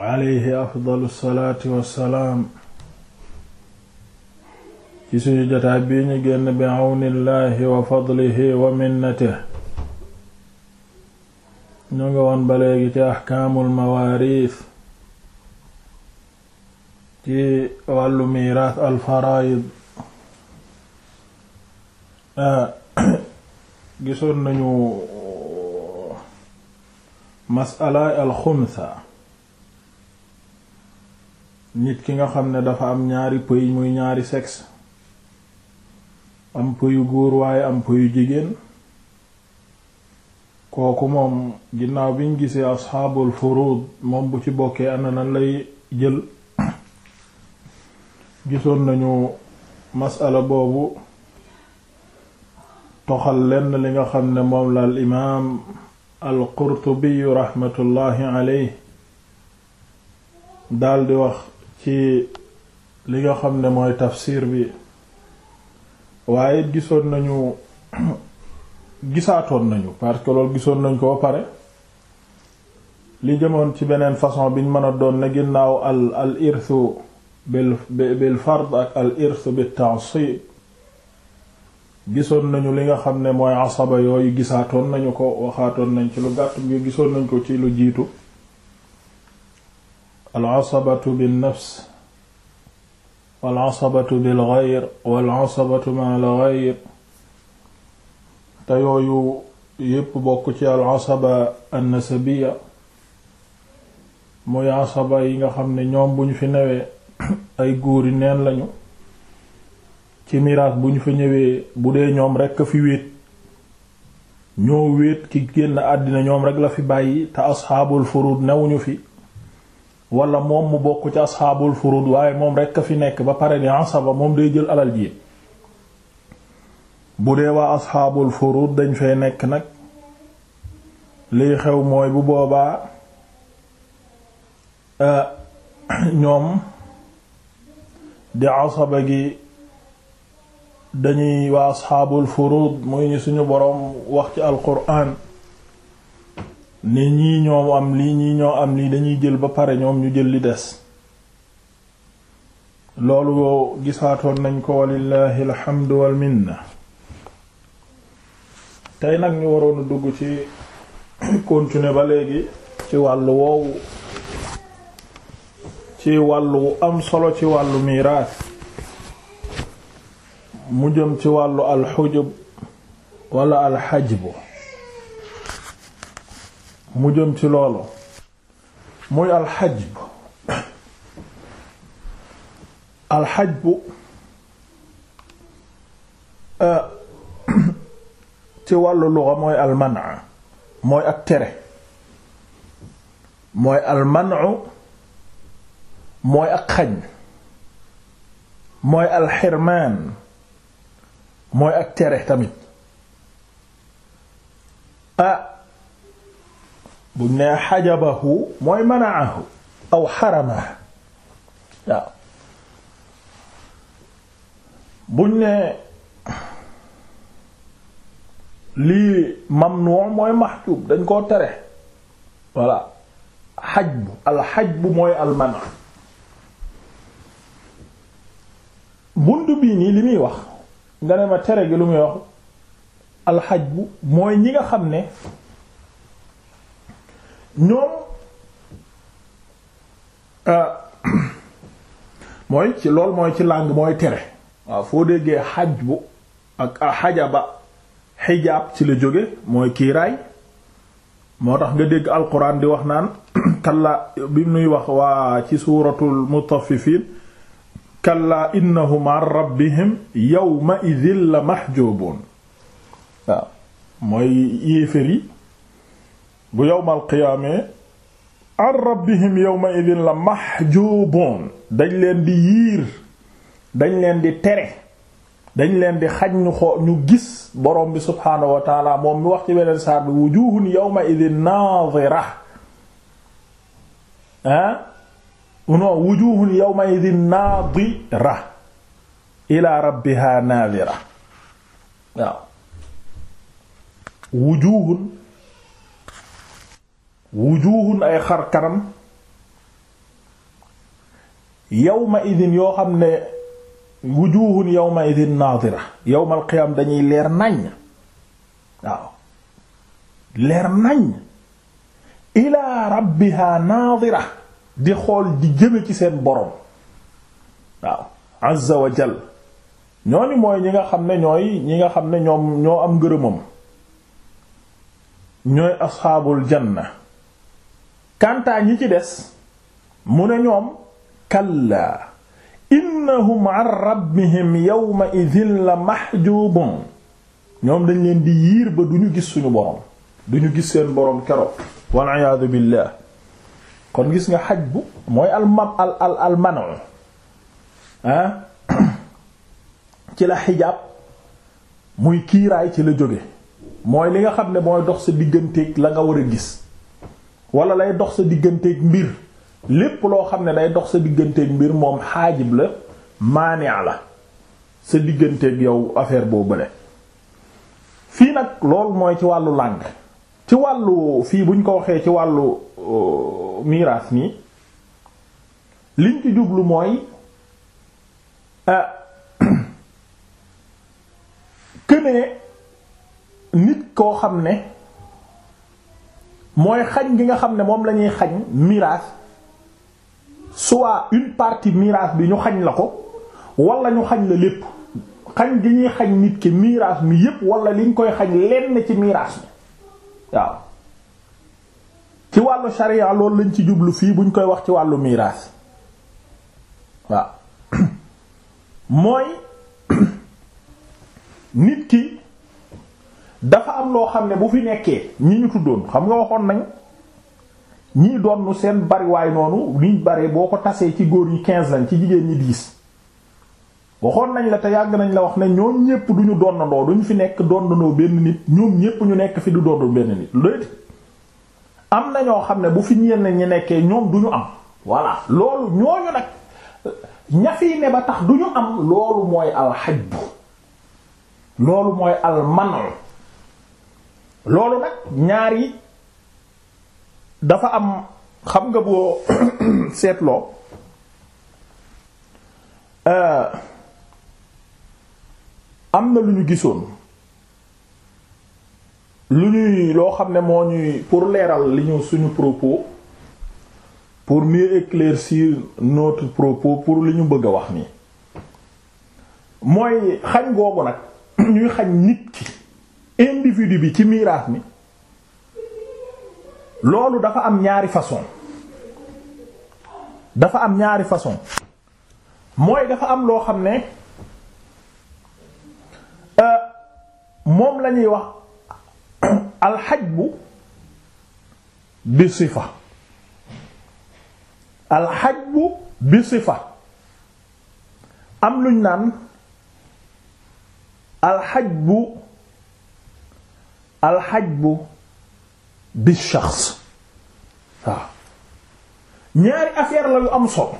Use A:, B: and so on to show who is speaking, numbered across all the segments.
A: alayhi afdalu salaati wassalaam ci suñu jotaay bii ñu génn bi àwnillaahi wa fadlihi wa minnatihi ñu nga woon ba léegi ci axkaamul mawaariis ci wàllu miiraas al faraayid gisoon masalaay al nit ki nga xam ne dafa am ñaari pëy muy ñaari sexe am pëyu góor waaye am pëyu jigéen kooku moom ginnaaw biñ gisee asxaabul furuud moom bu ci bokkee ana nan lay jël gisoon nañu masala boobu toxal lenn li nga xam ne moom la al imaam al qurtubiyu raxmatullaahi aleyhi daldi wax ci li nga xam ne mooy tafsir bi waaye gisoon nañu gisaatoon nañu parce que loolu gisoon nañ ko pare li jëmoon ci beneen façon biñ mën a doon ne ginnaaw al al irthu bil bil fard ak al irthu bil ta'sib gisoon nañu li nga xam ne mooy asaba yooyu gisaatoon nañu ko waxaatoon nañ ci lu gàtt bi gisoon nañ ko ci lu jiitu al-asabatu bin-nafs wal-asabatu bil-ghayr wal-asabatu ma'a al-ghayr te yooyu yépp bokk ci al-asaba an-nasabiyya muy asaba yi nga xam ne ñoom bu ñu fi newee ay góor góori neen lañu ci miraas bu ñu fa ñëwee bu dee ñoom rekk a fi wéet ñoo wéet ki génn àddina ñoom rekk la fi bàyyi te asxaabul furud newuñu fi wala moom mu bokk ci asxaabul furud waaye moom rekk a fi nekk ba pare ni asaba moom day jël alal ji bu dee waa asxaabul furud dañ fay nekk nag liy xew mooy bu boobaa eh, ñoom di asaba gi dañuy waa asxaabul furud muy ñu suñu boroom wax ci alquran ne ñii ñoo am lii ñii ñoo am lii dañuy jël ba pare ñoom ñu jël li des loolu woo gisaatoon nañ ko walillahi alhamdu wal minna tey nag ñu waroon a dugg ci continuer ba léegi ci wàllu woowu ci wàllu wu am solo ci wàllu miraas mu jëm ci wàllu alxujub wala alxajbu mu jëm ci loolu muy alxajb alxajb euh, ci wàllu luxa mooy almana mooy ak tere mooy almanu mooy ak xañ mooy alxirmaan mooy ak tere tamit ah buñ nee xajabahu mooy manaahu aw xaramahu waaw buñ nee lii mamnu mooy maxjub dañ koo tere voilà xajbu bu mooy almana buntu bii nii li muy wax nga ne ma tere gi lu muy wax alxajbu mooy ñi nga xam ne ñoom euh, mooy ci lool mooy ci làng mooy tere waaw foo déggee xaj bu ak xajaba xijaab ci la jóge mooy kiiraay moo tax nga dégg alquran di wax naan kalla bi nuy wax waa ci suuratul mutaffifiin kalla innahum an rabbihim yawma idhin la mahjubuun waaw mooy yéeféer yi bu yowmal qiyaamee an rabbihim yowma idin la mahjuuboon dañ leen di yiir dañ leen di tere dañ leen di xaj ñu xoo ñu gis borom bi subhaanahu wa moom mi wax ci beneen saar bi wujuhun yowma idin naadira ah non wujuhun yowma idin naadira ila rabbiha naadira waaw wujuhun ay xar kanam yawma idin yoo xam ne wujuhun yawma idin naadira yawmal qiyaam dañuy leer nañ waaw leer nañ ilaa rabbiha naadira di xool di jëme ci seen borom waaw azza wa ñoo ñooñu mooy ñi nga xam ne ñooy ñi nga xam ne ñoom ñoo am ngërëmam ñooy asxaabul janna kantaa ñi ci des mu ne ñoom kallaa innahum an rabbihim yawma idhin la mahjubun ñoom dañ leen di yiir ba du ñu gis suñu borom du ñu gis seen boroom keroog wal iyaadu billah kon gis nga xaj bu mooy almam al al almanu ah ci la xijaab muy kiiraay ci la jóge mooy li nga xam ne mooy dox sa digganteeg la nga war a gis wala lay dox sa digganteeg mbir lépp loo xam ne lay dox sa digganteeg mbir moom xaajib la maania la sa digganteeg yow affaire boobu bële fii nag loolu mooy ci wàllu langue ci wàllu fii buñ ko waxee ci wàllu euh, miraas nii liñ ci jublu mooy kënee euh, nit koo xam ne mooy xañ gi nga xam ne moom lañuy ñuy xañ miraas soit une partie miraas bi ñu xañ la ko wala ñu xañ la lépp xañ gi ñuy xañ nit ki miraas mi yépp wala liñ koy xañ lenn ci miraas mi waaw ci wàllu sharia loolu lañ ci jublu fii buñ koy wax ci wàllu miraas waaw mooy nit ki dafa am loo xam ne bu fi nekkee ñi ñu tuddoon xam nga waxoon nañ ñii doon seen bariwaay noonu liñ baree boo ko tasee ci góor ñi quinze lañ ci jigéen ñi dix waxoon nañ la te yàgg nañ la wax ne ñoom ñépp duñu donnandoo duñu fi nekk donnandoo benn nit ñoom ñépp ñu nekk fi du donnandoo benn nit léegi am na ñoo xam ne bu fi ñenn ñi nekkee ñoom duñu am voilà loolu ñooñu nag ña fi ne ba tax duñu am loolu mooy alxaj bu loolu mooy almanu loolu nag ñaar yi dafa am xam nga boo seetloo euh, am na lu ñu gisoon lu ñuy loo xam ne moo ñuy pour leeral li ñu suñu propos pour mieux éclaircir notre propos pour li ñu bëgg a wax nii mooy xañ googu nag ñuy xañ nit ki individu bi ci miraas mi loolu dafa am ñaari façon dafa am ñaari façon mooy dafa am loo xam ne euh, moom lañuy ñuy wax alxajbu bi sifa alxajbu bi sifa am luñ naan bu alxajbu bi shaxs waaw ñaari affaire la yu am solo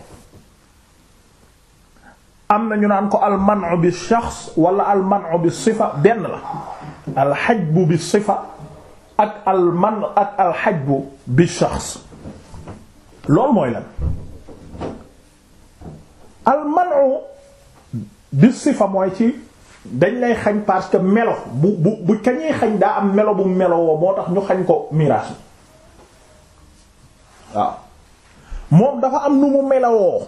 A: am na ñu naan ko almanu bi shaxs wala almanu bi sifa benn la alxajbu bi sifa ak alman ak alxajbu bi shaxs loolu mooy lan almanu bi sifa mooy ci dañ lay xañ parce que melo bu bu bu kañee xañ daa am melo bu melo woo moo tax ñu xañ ko miraas mi dafa am nu mu melowoo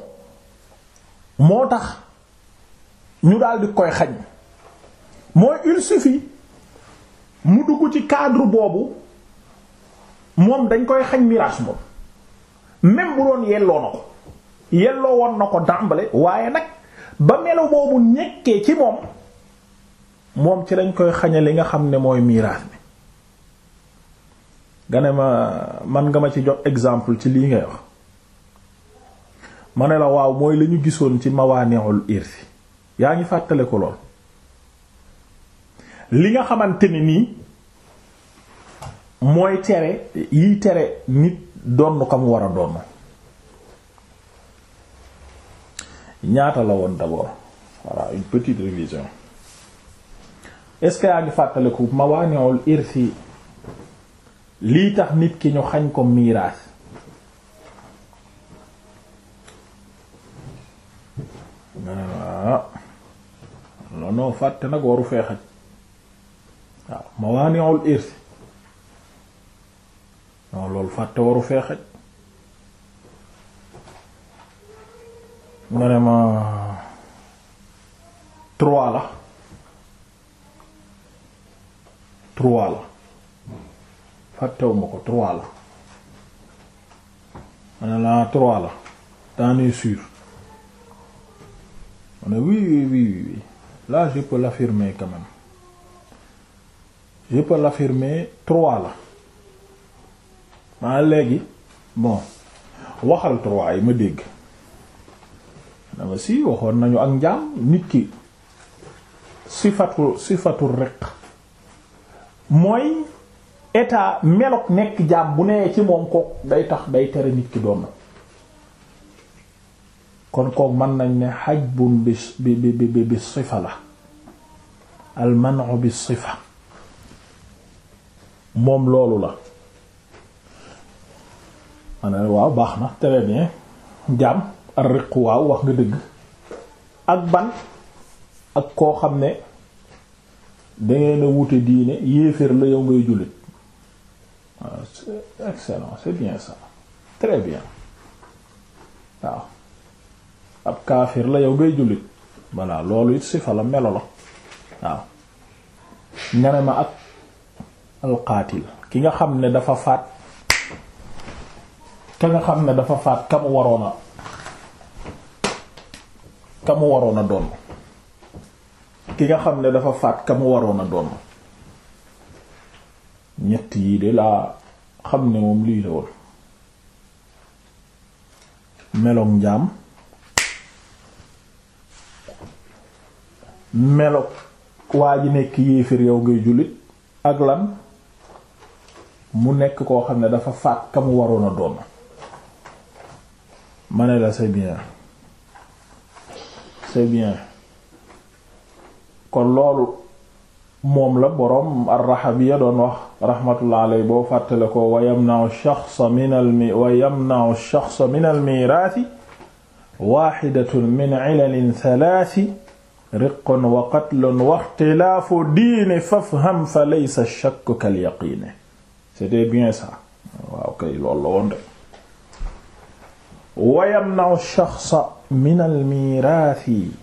A: moo tax ñu daal koy xañ mooy il mu dugg ci cadre boobu moom dañ koy xañ miraas moom même bu doon yelloo na ko yelloo woon na ko dàmbale waaye nag ba melo boobu nekkee ci moom moom ci lañ koy xañee li nga xam ne mooy miraas bi nga ne ma man nga ma ci jot exemple ci lii ngay wax ma ne la waaw mooy la ñu gisoon ci mawaani'ul irsi yaa ngi fàttale ko lool li nga xamante ni nii mooy tere yiy tere nit donn ko mu war a donn ñaata la woon d'abord voilà une petite révision est-ce que yaa ngi fàttaliku mawaani'ul irsi lii tax nit ki ñu xañ ko miraas ah, non fàtte nag waru fee xaj waaw mawaani'ul irsi non loolu fàtte waru fee nga ne ma trois la trois la fàttewu ma ko trois la ma ne la trois la t'en es sûr ma ne oui oui oui oui là je peux l'affirmer quand même je trois la maa léegi bon waxal trois yi ma dégg dama si waxoon nañu ak njaam nit ki sifatu sifatu riq mooy état melok nekk jaam bu nee ci moom kook day tax day tere nit ki doon na kon kook mën nañ ne hajbun bi bi bi bi sifa la al bi sifa moom loolu la man waaw baax na très bien jaam ar waaw wax nga dëgg ak ban ak koo xam ne dangeen a wute diine yéeféer la yow ngay jullit waaw ah, c'est excellent c'est bien ça très bien waaw ab kaafir la yow ngay jullit voilà loolu it sifa la melo la waaw nga ne ma ak alqaatil ki nga xam ne dafa faat ka nga xam ne dafa faat ka mu waroon a ka mu waroon a doon ki nga xam ne dafa faat ka mu waroon a doom ñett yii de laa xam ne moom lii la woon meloog njaam nekk yéefir yow ngay ak lan mu nekk koo xam ne dafa faat mu waroon a doon ma ne la c'est bien c'est bien kon loolu moom la borom ar-Rahabiyya doon wa yamna'u al-mi wa al-miirathi waahidatun min 'ilalin thalaathi wa qatlun wa ikhtilaafu diini fafham fa laysa ash-shakku kal-yaqiini c'était bien ça waaw kay wa yamna'u ash-shakhsa min al-miirathi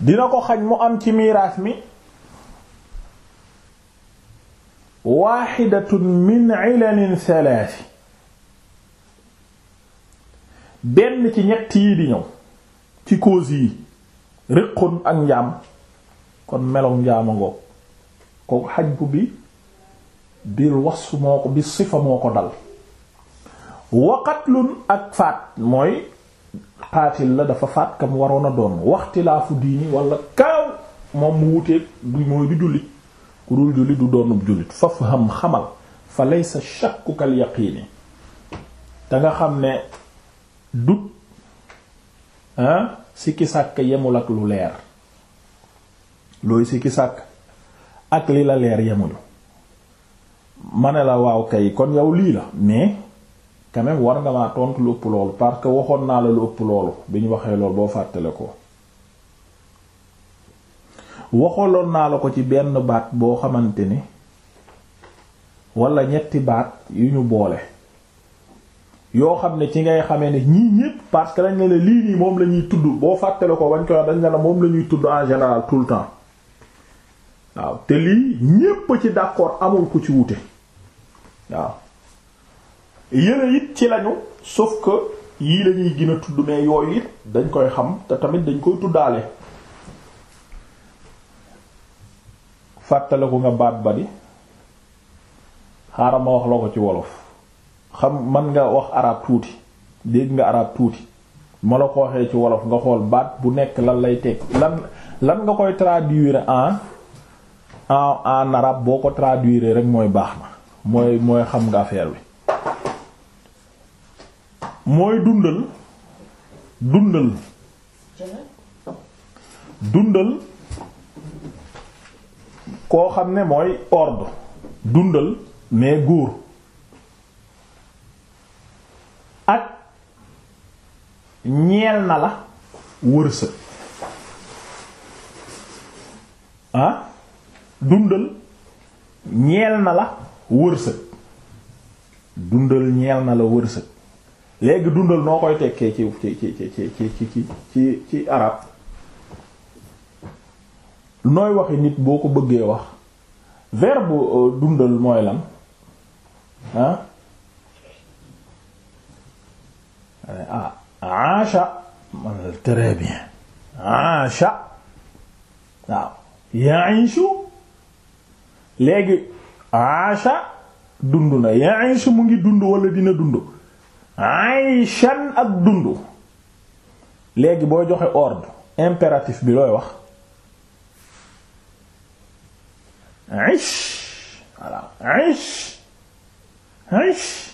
A: dina ko xaj mu am ci miraas mi waaxidatun min ilanin salaasi benn ci ñett yi di ñëw ci cause yi riqun ak njaam kon melow njaama ngoog kooku xaj bu bi bil wasf moo ko bi sifa moo ko dal waqatlun ak faat mooy xaatil la dafa faat kam waroon a doon waxtilaafu diini wala kaaw moom mu wuteeg du mooy du jullit ku dul jullit du doonub jullit faf xam xamal fa laysa shakku kal yaqiini da nga xam ne dut ah sàkk yemul ak lu leer looy sikki sàkk ak li la leer yemuñu ma ne la waaw kay kon yow lii la mais quand même war nga maa tontu lu ëpp loolu parce que waxoon naa la lu ëpp loolu bi ñu waxee lool boo fàttale ko waxaloon naa la ko ci benn baat boo xamante ni wala ñetti baat yu ñu boole yoo xam ne ci ngay xamee ne ñii ñépp parce que lañ ne la lii nii moom la ñuy tudd boo fàttale ko bañ koy wax ne la moom la ñuy tudd en général tout le temps waaw te lii ñépp ci d'accord amul ku ci wute waaw yëre it ci lañu sauf que yii lañuy ñuy a tudd mais yooyu it dañ koy xam te tamit dañ koy tuddaale fàttaliku nga baat ba di xaaral ma wax la ko ci wolof xam man nga wax araab tuuti dégg nga arab tuuti ma la ko waxee ci wolof nga xool baat bu nekk lan lay teg lan lan nga koy traduire en en en boo ko traduire rek mooy baax na mooy mooy xam nga affaire bi mooy dundal dundal dundal koo xam ne mooy ordre dundal mais góor ak ñeel na la wërsëg ah? dundal ñeel na la wërsëg dundal ñeel na la wërsëg léegi dundal noo koy tekkee ci ci ci ci ci ci ci ci arab nooy waxi nit boo ko bëggee wax verbe euh, dundal mooy lan ah ah aasha man très bien aasha waaw yaishu léegi aasha dund na yaishu mu ngi dund wala dina dund ayshan ak dund léegi boo joxe ordre impératif bi looy wax ish voilà ish ish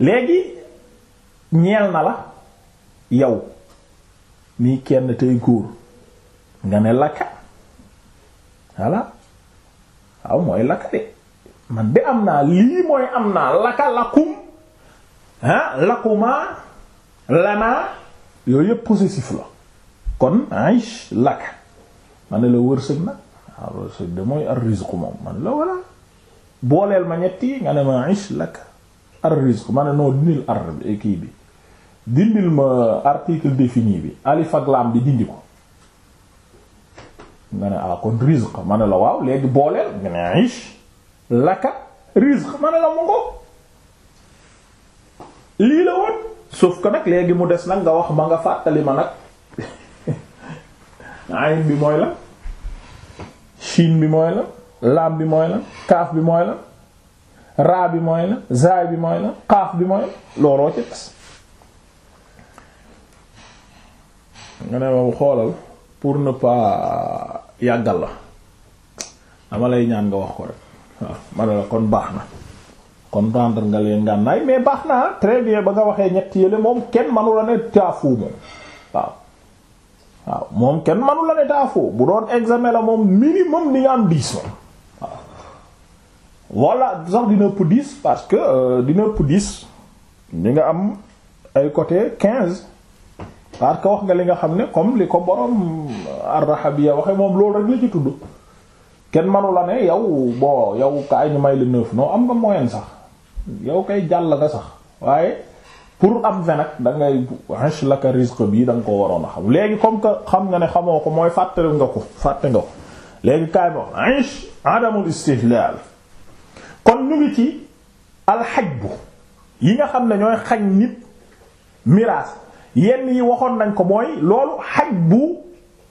A: léegi ñeel na la yow mii kenn tey góor nga ne lakka voilà waaw mooy lakka de man de am naa lii mooy am naa lakka lakum ah lakuma lanaa yooyu yëpp possessif la kon aish laka ma ne la wërsëg na waaw ah, wërsëg de mooy ar-rizq moom ma ne la walla booleel ma ñetti nga ne ma aish laka ar-rizq ma ne dindil ar bi kii bi dindil ma article défini bi alif ak lam bi dindi ko nga ne ah kon rizq ma la waaw léegi booleel nga ne aish laka rizq ma la mu ngo lii la woon sauf que nag léegi mu des nag nga wax ma nga fàttali ma nag ayn bi mooy la shin bi mooy la laam bi mooy la kaaf bi mooy la raa bi mooy la zaay bi mooy la xaaf bi mooy looloo ci des nga ne ma xoolal pour ne pas yàggal la dama lay ñaan nga wax ko rek waaw ma ne la kon baax na kon comprendre nga leen ngànnaay mais baax naa très bien ba nga waxee ñett yële moom kenn manu la ne taafu moom waaw waaw moom kenn manu la ne taafu bu doon examen la moom minimum di nga am moom waaw voilà sax dina ëpp dix parce que euh, dina ëpp di nga am ay côté quinze parce que wax nga li nga xam ne comme li ko borom euh, Ar-Rahabiyya waxe moom loolu rek la ci tudd kenn manu la ne yow bon yow yi ñu may la neuf non am nga moyenne sax yow kay jàll nga sax waaye pour am fe nag da ngay hanch la ka risque bii da nga ko waroon a xam léegi comme que xam nga ne xamoo ko mooy fàttali nga ko fàtte nga ko léegi kaay bo hanch adamul istihlal kon ñu ngi ci alxaj bu yi nga xam ne ñooy xañ nit miraas yenn yi waxoon nañ ko mooy loolu xajbu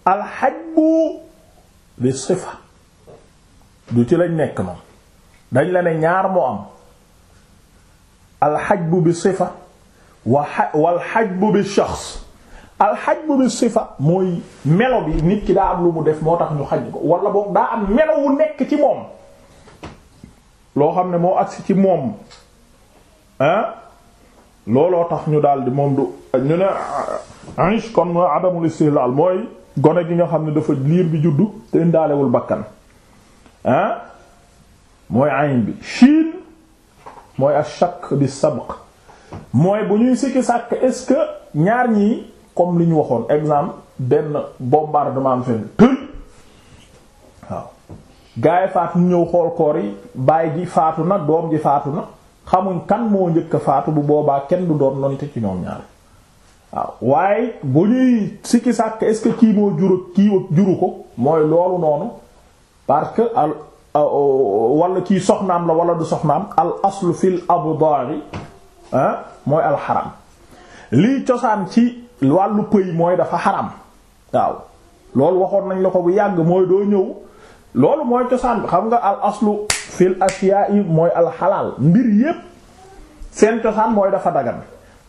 A: alxajbu bi sifa du ci lañ nekk moom dañ la ne ñaar moo am alxajbu bi sifa wa wal xajbu bi shaxs alxajbu bi sifa mooy melo bi nit ki daa am lu mu def moo tax ñu xaj ko wala boo daa am melo nekk ci moom loo xam ne moo agsi ci moom looloo tax ñu daal di moom du ñu ne ange kon mooy adamul istihlaal mooy gone gi nga xam ne dafa liir bi juddu te indaalewul bakkan ah mooy ayn bi mooy chaque bi sabq mooy bu ñuy sikki sàkk est-ce que ñaar ñii comme li ñu waxoon exemple benn bombardement am fen tël waaw gaay faatu ñëw xool koor yi baay ji faatu na doom ji faatu na xamuñ kan moo njëkk faatu bu boobaa kenn du doon noonte ci ñoom ñaar waaw waaye bu ñuy sikki sàkk ce que kii moo juru kii juru ko mooy loolu noonu parce que al Euh, walla kii soxnaam la wala du soxnaam al aslu fil abdaari mooy al lii cosaan ci wàllu pëy mooy dafa xaram waaw loolu waxoon nañ la ko bu yàgg mooy doo ñëw loolu mooy cosaan xam nga al aslu fil ashyaa'i mooy al xalaal mbir yépp seen cosaan mooy dafa dagan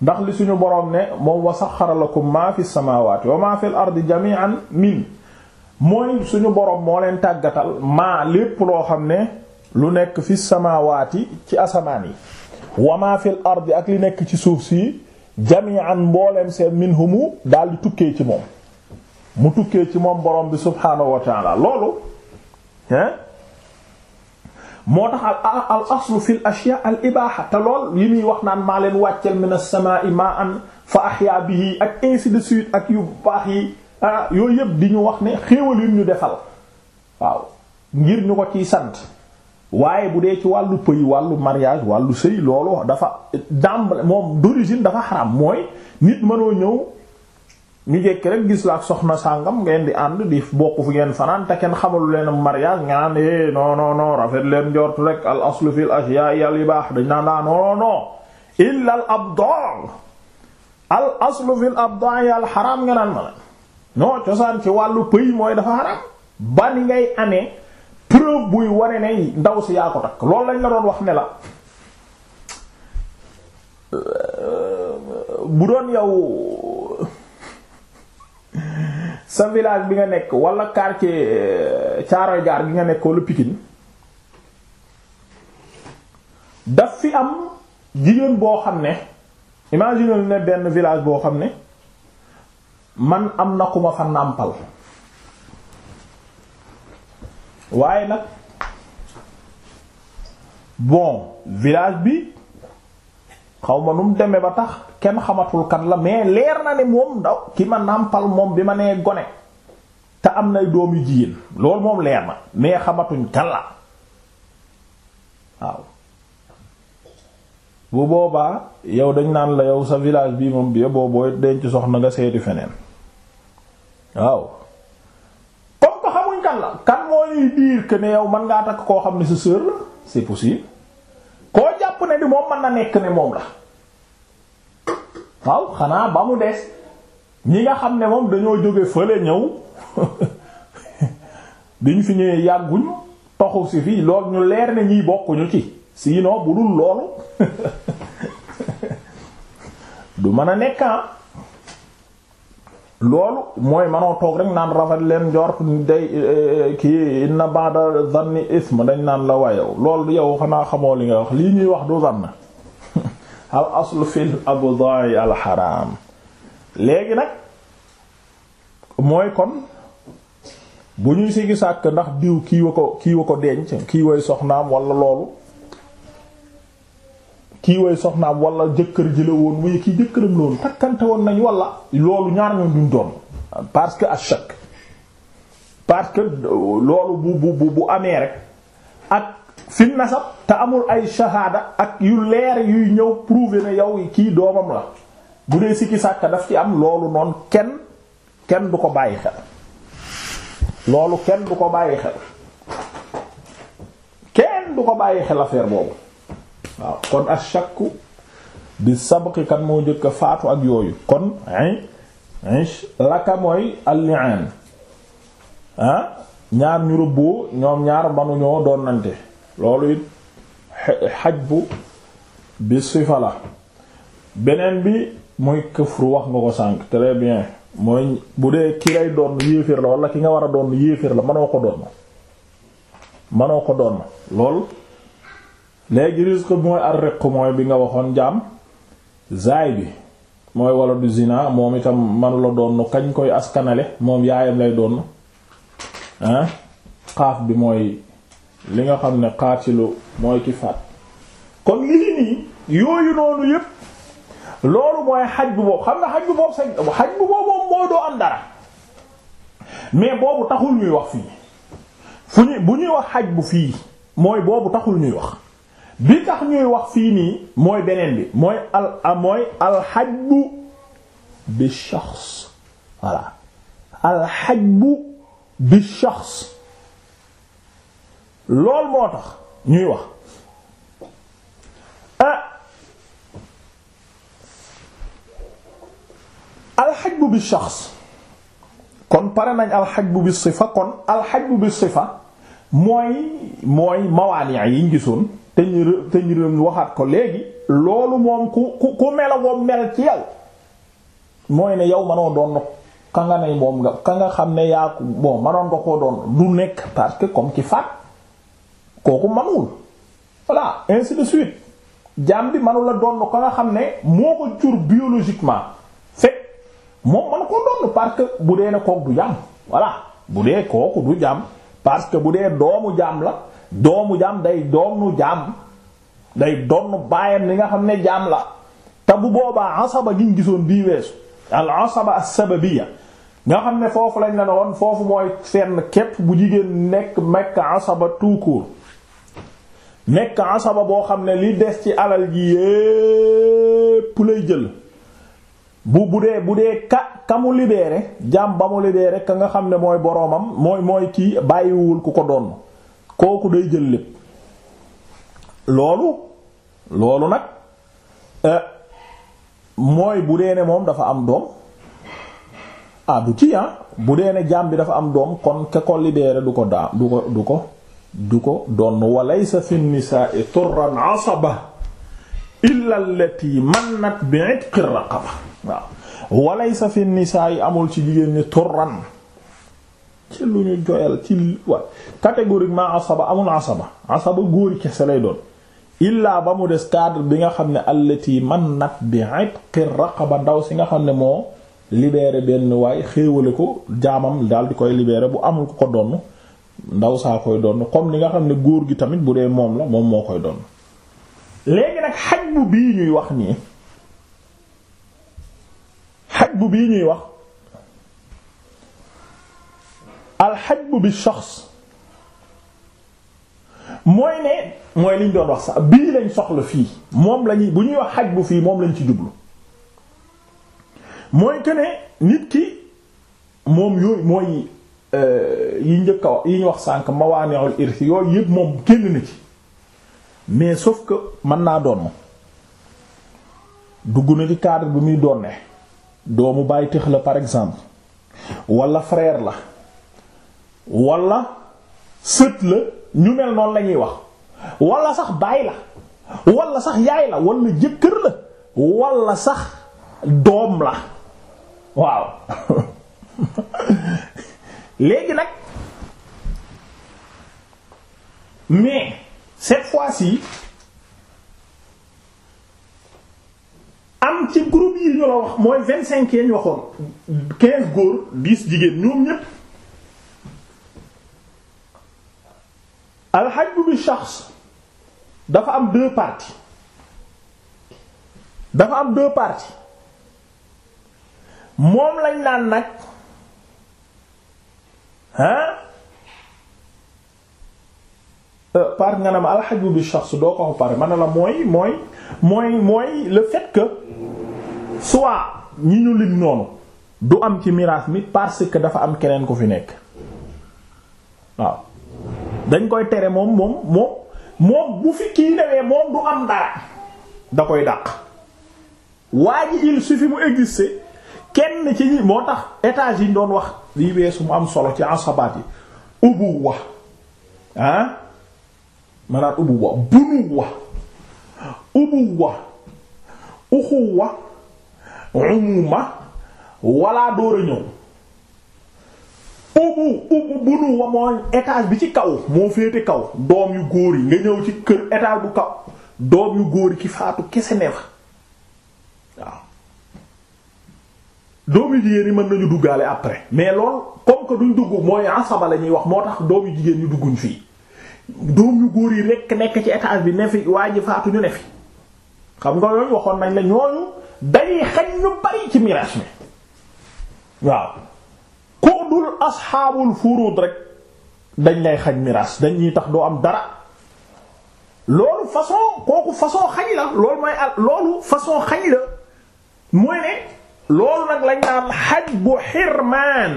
A: ndax li suñu boroom ne moom wa saxxara lakum maa fi samaawaati wa maa fil ardi jami'an min mooy suñu boroom moo leen tàggatal maa lépp loo xam ne lu nekk fi samaawaati ci asamaan yi wamaa fil ardi ak li nekk ci suuf si jami'an mbooleem seen minhumu daal di tukkee ci moom mu tukkee ci moom borom bi subhaanahu wa loolu hein moo tax al al aslu fil ashyaa al ibaaha te lool yi muy wax naan maa leen wàcceel min as-samaa'i maa'an fa ahyaa bihi ak ainsi de suite ak yu baax yi ah yooyu yëpp di ñu wax ne xéewal yu ñu defal waaw ngir ñu ko ci sant waaye bu dee ci wàllu pëy wàllu mariage wàllu sëy loolu dafa d'emblée moom d'origine dafa xaram mooy nit mënoo ñëw ñu jekki rek gis laa soxna sàngam ngeen di ànd di bokk fu ngeen fanaan te kenn xamalu leen mariage nga naan eh non non rafet leen njort rek al aslu fil ashya'i al ibah dañ naan laa ah, non non illa al abdal al aslu fil abdal al haram nga naan no cosaan ci wàllu pëy mooy dafa xaram ba ni ngay amee preuve buy wane ne ndaw si yaa ko takk loolu lañ la doon wax ne la euh, bu doon yaw sa village bi nga nekk wala quartier Caaroy euh, jaar gi nga nekk wala Pikine daf fi am jigéen boo xam ne imagine ne benn village boo xam ne man am na ku ma fa nàmpal waaye nag bon village bi xaw ma nu mu demee ba tax kenn xamatul kan la mais leer na ne moom ndaw ki ma nàmpal moom bi ma nee gone te am nay doom yu jigéen loolu moom leer na mais xamatuñ kan la waaw bu boobaa yow dañ naan la yow sa village bi moom bi booboo denc soxna nga seeti feneen waaw comme que xamuñ kan la kan mooy dire que ne yow man ngaa takk koo xam ne sa sœur la c'est possible koo jàpp ne di moom man na nekk ne moom la waaw xanaa ba mu des ñi nga xam ne moom dañoo jóge fële ñëw diñ fi ñëwee yàgguñ toxu si fii lool ñu leer ne ñiy bokkuñu ci sinon bu dul loolu du mën a nekk ah. loolu mooy manoo toog rek naan rafet leen njort day eh, kii inna ba'da zanni ism dañ naan la wayow loolu yow xanaa xamoo li ngay wax lii ñuy wax du zann al aslu fil abdai al haram léegi nag mooy kon bu ñuy sigi sàkk ndax diw kii ko kii ko denc kii way soxnaam walla loolu kii way soxnaam walla jëkkër ji la woon waaye kii jëkkëram loolu takkante woon nañ wala loolu ñaar ñoom duñ doom parce que à chaque parce que loolu bu bu bu bu amee rek ak fi nasab te amul ay shahada ak yu leer yuy ñëw prouver ne yow yi kii doomam la bu dee sikki sàkka daf ci am loolu noonu kenn kenn du ko bàyyi xel loolu kenn du ko bàyyi xel kenn du ko bàyyi xel affaire boobu waaw kon ak shakku bi sabqi moo njëkk a faatu ak yooyu kon laka mooy allien lian ah ñaar ñu rëbboo ñoom ñaar manuñoo doon nante loolu it xaj bu bi sifa la beneen bi muy këfru wax nga ko sànq très bien mooy bu dee ki lay doon yéeféer la wala ki nga war a doon yéeféer la manoo ko doon manoo ko doon lool léegi risque bi mooy ar riq mooy bi nga waxoon jaam zaay bi mooy wala du zina moom itam manula doon kañ koy askanale moom yaayam lay doon ah xaaf bi mooy li nga xam ne xaatilu mooy ki faat kon lii nii yooyu noonu yépp loolu mooy xaj bu boobu xam nga xaj bu boobu sax xaj bu boobu mooy doo am dara mais boobu taxul ñuy wax fii fu ñuy bu ñuy wax xaj bu fii mooy boobu taxul ñuy wax bi tax ñuy wax fii nii mooy beneen bi mooy al ah, mooy alxajbu bi shaxs voilà alxajbu bi shaxs lool moo tax ñuy wax ah alxajbu bi shaxs kon pare nañ alxajbu bi sifa kon alxajbu bi sifa mooy mooy mawaani yiñ gisoon te ñu te ñu waxaat ko léegi loolu moom ku ku ku melawoo mel ci yow mooy ne yow manoo doon ka nga ne moom nga ka nga xam ne yaa ko bon manoon koo doon du nekk parce que comme ci faat kooku manul voilà ainsi de suite jaam bi manula doon ka nga xam ne moo ko jur biologiquement fekk moom man koo doon parce que bu dee ne kooku du jaam voilà bu dee kooku du jaam parce que bu dee doomu jaam la. doomu jaam day doom doonu jaam day donn baayam li nga xam ne jaam la te bu boobaa asaba gi ñu gisoon bii weesu al asaba as-sababiyya nga xam ne foofu lañ la ne woon foofu mooy fenn képp bu jigéen nekk mekk asaba tout court nekk asaba boo xam ne li des ci alal ji yépp lay jël bu bu dee bu dee ka ka mu libéré jaam ba mu libéré ka nga xam ne mooy boroomam mooy mooy kii bàyyiwul ku ko doon kooku day jël lépp loolu loolu nag euh, mooy bu dee ne moom dafa am doom ah du ci ah bu dee ne jaam bi dafa am doom kon ke ko libéré du ko daam du ko du ko du ko doon walaysa fi nisaa'i turran asaba illa allati mannat bi itqi raqaba waaw walaysa fi nisaa'i amul ci jigéen ñi turran ci lu ñu joyal ci wa catégoriquement asaba amul asaba asaba góor kese lay doon illaa ba mu des cadre bi nga xam ne allati man nag bi itqi ndaw si nga xam ne moo libéré benn waay xéewale ko jaamam dal di koy libéré bu amul ko ko donn ndaw saa koy donn comme ni nga xam ne góor gi tamit bu dee moom la moom moo koy donn léegi nag xaj bu bii ñuy wax nii xaj bu bii ñuy wax alxajbu bi sox mooy ne mooy liñ doon wax sax bii lañ soxla fii moom lañuy bu ñuy wax bu fii moom lañ ci jublu mooy que ne nit ki moom yooyu mooy euh, yi njëkk a yi ñu wax sànq mawaani'ul irth yooyu yëpp moom génn na ci mais sauf que mën naa doon dugg na ci cadre bi muy doon ne doomu bàyyi tëx la par exemple walla freer la. wala sët la ñu mel noon la ñuy wax walla sax baay la walla sax yaay la wala jëkkër la wala sax doom la waaw léegi nag mais cette fois-ci am ci groupe yi ñu la wax mooy vingt cinq yi ñu waxoon quinze góor dix jigéen ñoom ñépp alxajju bi shaxs dafa am deux parties dafa am deux parties moom lañ naan nag ah euh, par nga ne ma alxajju bi shaxs doo ko pare ma na la mooy mooy mooy mooy le fait que soit ñi ñu lim noonu du am ci miraas mi parce que dafa am keneen ku fi nekk waaw. dañ koy tere moom moom moom moom bu fi kii moom du am dara da koy dàq waa ji il suffit mu exister kenn ci ñi moo tax étage yi doon wax lii weesu mu am solo ci asabaat yi ubuwa ah maanaam ubuwa bunuwa ubuwa uxuwa umuma wala door a ñëw ubu ubu bunu wa mooy étage bi ci kaw moo féete kaw doom yu góor yi nga ñëw ci kër étage bu kaw doom yu góor yi ki faatu kese ne fa waaw doom yu jigéen yi mën nañu duggaale après mais lool comme que duñ dugg mooy asaba la ñuy wax moo tax doom yu jigéen ñu dugguñ fii doom yu góor yi rekk nekk ci étage bi ne fi waa ji faatu ñu ne fi xam nga yooyu waxoon nañ la ñooñu dañuy xañ ñu bari ci miraas mi waaw ku dul asxaabul lay xañ miraas dañuy tax doo am dara loolu façon kooku façon xañ la loolu façon xañ la mooy ne loolu nag lañ naan xaj bu xirmaan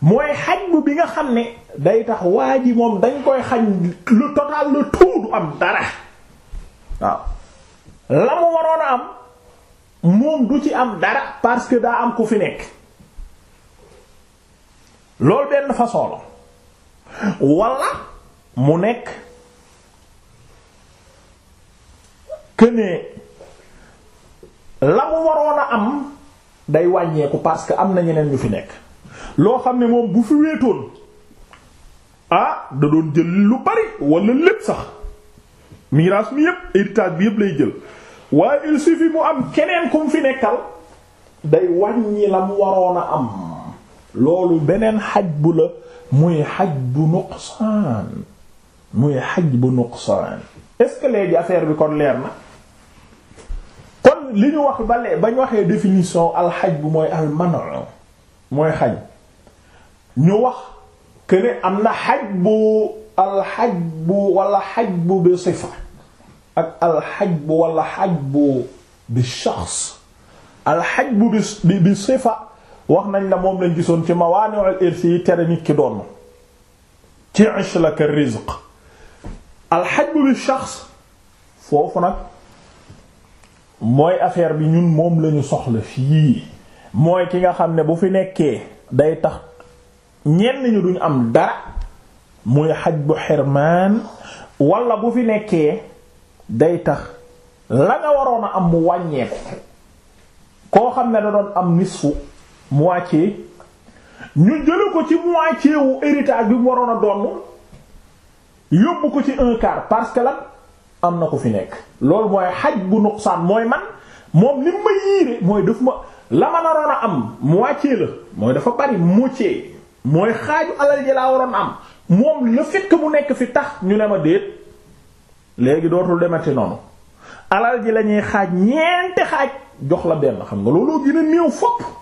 A: mooy xaj bu bi nga xam ne day tax waa ji moom dañ koy xañ le total le tout du am dara waaw la mu waroon am moom du ci am dara parce que daa am ku fi nekk loolu benn façon la wala mu nekk que ne la mu waroon a am day wàññeeku parce que am na ñeneen ñu fi nekk loo xam ne moom bu fi wéetoon ah da doon jël lu bari wala lépp sax miraas mi yépp héritage bi yëpp lay jël waaye il suffit mu am keneen ku mu fi nekkal day wàññi la mu waroon a am. loolu beneen xaj bu la muy xaj bu nuqsaan muy xaj bu nuqsaan est-ce affaire bi kon leer na kon li ñu wax ba lee bañ waxee définition alxaj bu mooy almano mooy xaj ñu wax que am na xaj bu alxaj bu wala xaj bu bi sifa ak alxaj bu wala xaj bu bi shaxs alxaj bu bi bi sifa wax nañ la moom lañ gisoon ci mawaani'ul irsi yi tere nit ki doon ci ishlaka rizq alxajbu li shaxs foofu nag mooy affaire bi ñun moom lañu soxla fii mooy ki nga xam ne bu fi nekkee day tax ñenn ñu duñ am dara muy xaj bu xirmaan walla bu fi nekkee day tax la nga waroon a am mu wàññeeku koo xam ne da doon am nisfu moitié ñu jële ko ci moitié wu héritage bi mu waroon a doon yóbbu ko ci un parce que lan am na ko fi nekk loolu mooy xaj bu nuqsaan mooy man moom lim ma yiire mooy la ma a am moitié la mooy dafa bari moitié mooy xaaju alal ji laa waroon am moom le fait mu nekk fi tax ñu ne ma déet léegi dootul demati noonu alal ji lañuy xaaj ñeenti xaaj jox la benn xam nga looloo gën a néew fopp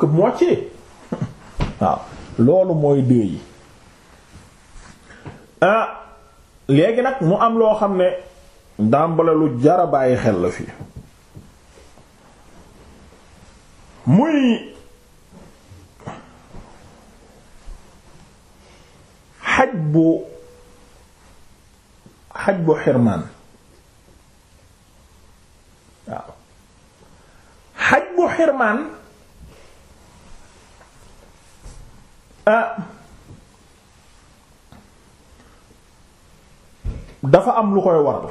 A: que moitié waaw loolu mooy deux yi ah, léegi nag mu am loo xam ne dàmbale lu jara bàyyi xel la fii muy xaj bu xaj bu xirmaan waaw xaj bu xirmaan Ah. dafa am lu koy waral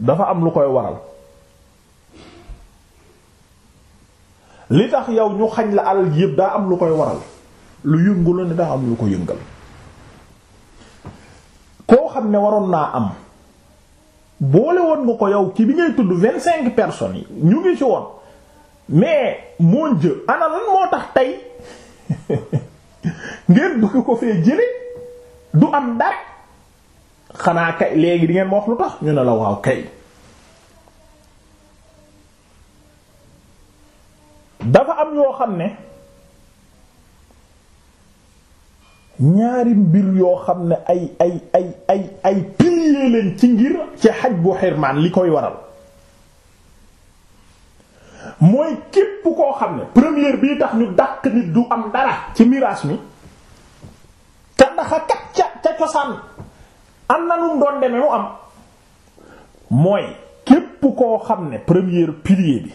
A: dafa am lu koy waral li tax yow ñu xañ la alal yépp daa am lu koy waral lu yëngu la ne daa am lu ko yëngal koo xam ne waroon naa am boole woon nga ko yow ci bi ngay tudd vingt cinq personnes yi ñu ngi ci woon mais mon Dieu ana moo tax tey ngeen bëgg ko fee jële du am dara xanaa kay léegi di ngeen ma wax lu tax ñu ne la waaw kay dafa am yoo xam ne ñaari mbir yoo xam ne ay ay ay ay ay leen ci ngir ci xaj bu xirmaan li koy waral mooy képp koo xam ne première bii tax ñu dàq nit du am dara ci miraas mi te kat ca ca cosaan am na nu doon demee mu am mooy képp koo xam ne première pilier bi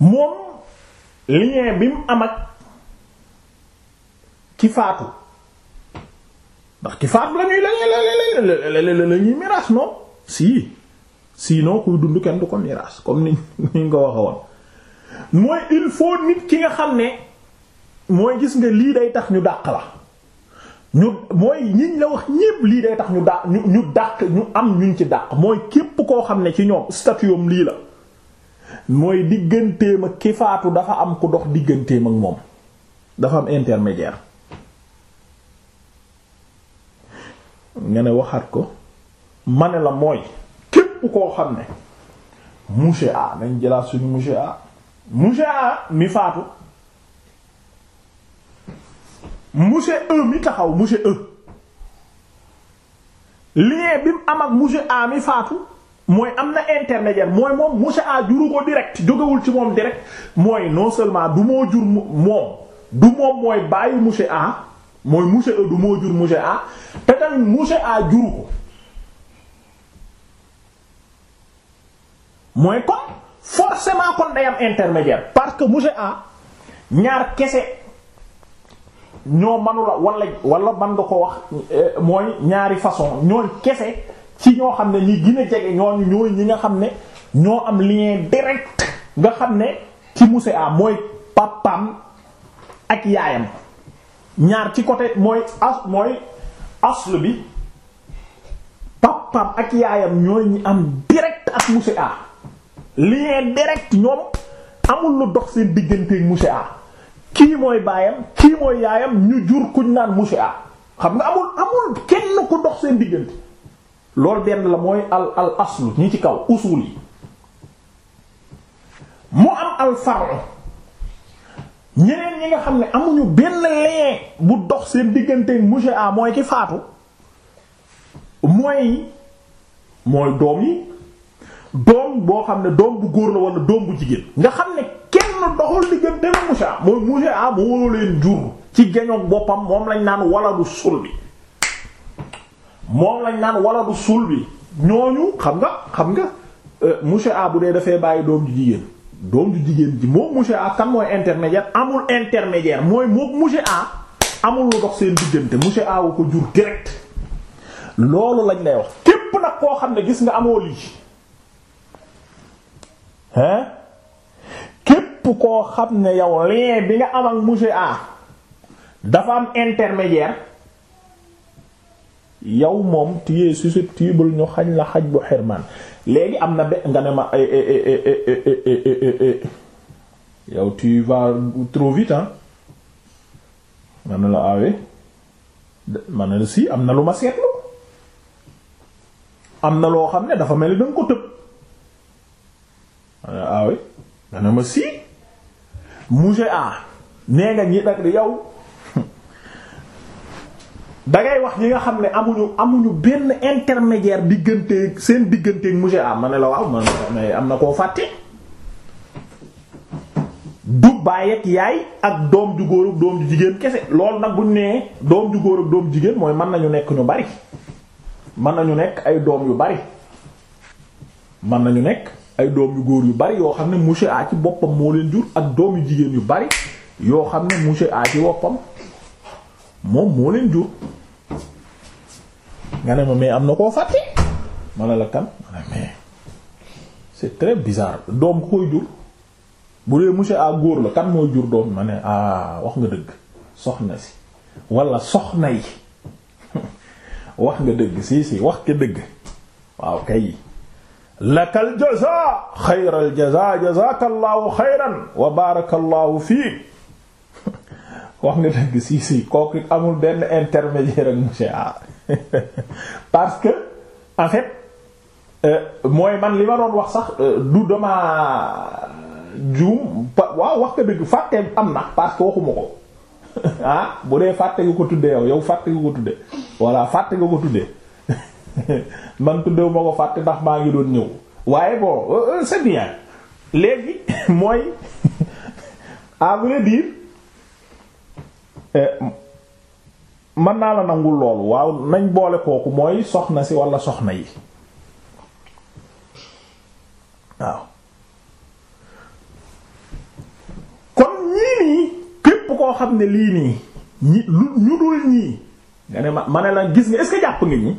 A: moom lien bi mu am ak ki faatu ndax ki faatu la ñuy la miraas non si. sinon kuy dund kenn du ko miraas comme ni ni nga ko waxe woon mooy il faut nit ki nga xam ne mooy gis nga lii day tax ñu dàq la ñu mooy ñiñ la wax ñépp lii day tax ñu dàq ñu dàq ñu am ñuñ ci dàq mooy képp koo xam ne ci ñoom statuam lii la mooy digganteem ak ki faatu dafa am ku dox digganteem ak moom dafa am intermédiaire nga ne waxaat ko ma ne la mooy képp koo xam ne monsieur A nañ jëlaat suñu monsieur A monsieur mi faatu monsieur E mi taxaw monsieur E bi mu am ak monsieur A mi faatu mooy am na intermédiaire mooy moom monsieur A juru ko direct jógewul ci moom direct mooy non seulement du moo jur moom du moom mooy bàyyi monsieur A mooy monsieur E du moo jur monsieur te tamit monsieur A juru ko. mooy kon forcément kon day am intermédiaire parce que monsieur A ñaar kese ñoo manula wala wala man nga ko wax euh, mooy ñaari façon ñooy kese ci ñoo xam ne ñi gën a jege ñooñu ñi nga xam ne ñoo am lien direct nga xam ne ci monsieur A mooy papam ak yaayam ñaar ci côté mooy as bi papam ak yaayam ñooy am direct ak monsieur A lien direct ñoom amul lu dox seen digganteeg monsieur A kii mooy baayam kii mooy yaayam ñu jur kuñ naan monsieur A xam nga amul amul kenn ku dox seen diggante loolu benn la mooy al al aslu ñi ci kaw usul yi mu am al faru ñeneen ñi nga xam ne amuñu benn lien bu dox seen digganteeg monsieur A mooy ki faatu mooy mooy doom yi. doom boo xam ne doom bu góor la wala doom bu jigéen nga xam ne kenn doxul diggante la musa mooy musa ah moo leen jur ci geñoog boppam moom lañ naan wala du sul bi lañ naan wala du sul bi ñooñu xam nga xam nga euh, musa ah bu dee dafay bàyyi doom ju jigéen doom ju jigéen ji moom musa ah kan mooy intermédiaire amul intermédiaire mooy moom musa amul lu dox seen diggante musa wu ko jur direct loolu lañ lay wax képp nag koo xam ne gis nga amoo lii hein képp koo xam ne yow lien bi nga am ak monsieur A dafa am intermédiaire yow moom tu es susceptible ñu xañ la xaj bu xirmaan léegi am na be nga ne ma yow tu vas trop vite hein la awe ma ne si am na lu ma seetlu am na loo xam ne dafa mel ni danga ko tëb ah oui dana ma si monsieur A nee nga ñi nag yow dangay wax ñi nga xam ne amuñu amuñu benn intermédiaire diggante seen digganteeg monsieur A ma ne la waaw man am na koo fàtte. du baay ak yaay ak doom ju góor ak doom ju jigéen kese loolu nag bu ñu nee doom ju góor ak doom jigéen mooy mën nañu nekk ñu bari mën nañu nekk ay doom yu bari mën nañu nekk. ay doom yu góor yu bari yoo xam ne monsieur A ci boppam moo jur ak doom jigéen yu bari yoo xam ne monsieur A ci boppam moom moo leen jur nga ne ma mais am na koo fàtte ma ne la kan ma ne mais c'est très bizarre doom ku jur bu dee monsieur A góor la kan mooy jur doom ma ne ah wax nga dëgg soxna si wala soxna yi wax nga dëgg si si wax nga dëgg waaw kay. lakal jaza xayral jaza wa baarakallaahu fiik wax nga dëgg si si kooku amul benn intermédiaire ak monsieur A parce que en euh, mooy man li ma doon wax sax euh, du dama juum waaw wax nga dëgg fàtte am na parce que waxuma ko ah bu dee fàtte nga ko tuddee yow yow fàtte nga ko tuddee voilà fàtte nga ko tuddee. man tuddew ma ko fàtte ndax maa ngi doon ñëw waaye bon euh, euh, c'est bien léegi mooy à vrai dire euh, mën naa la nangul loolu waaw nañ boole kooku mooy soxna si walla soxna yi waaw kon ñii nii képp koo xam ne lii nii ñi lu ñu dul ñii nga ne ma ma ne la gis nga est-ce jàpp nga ñi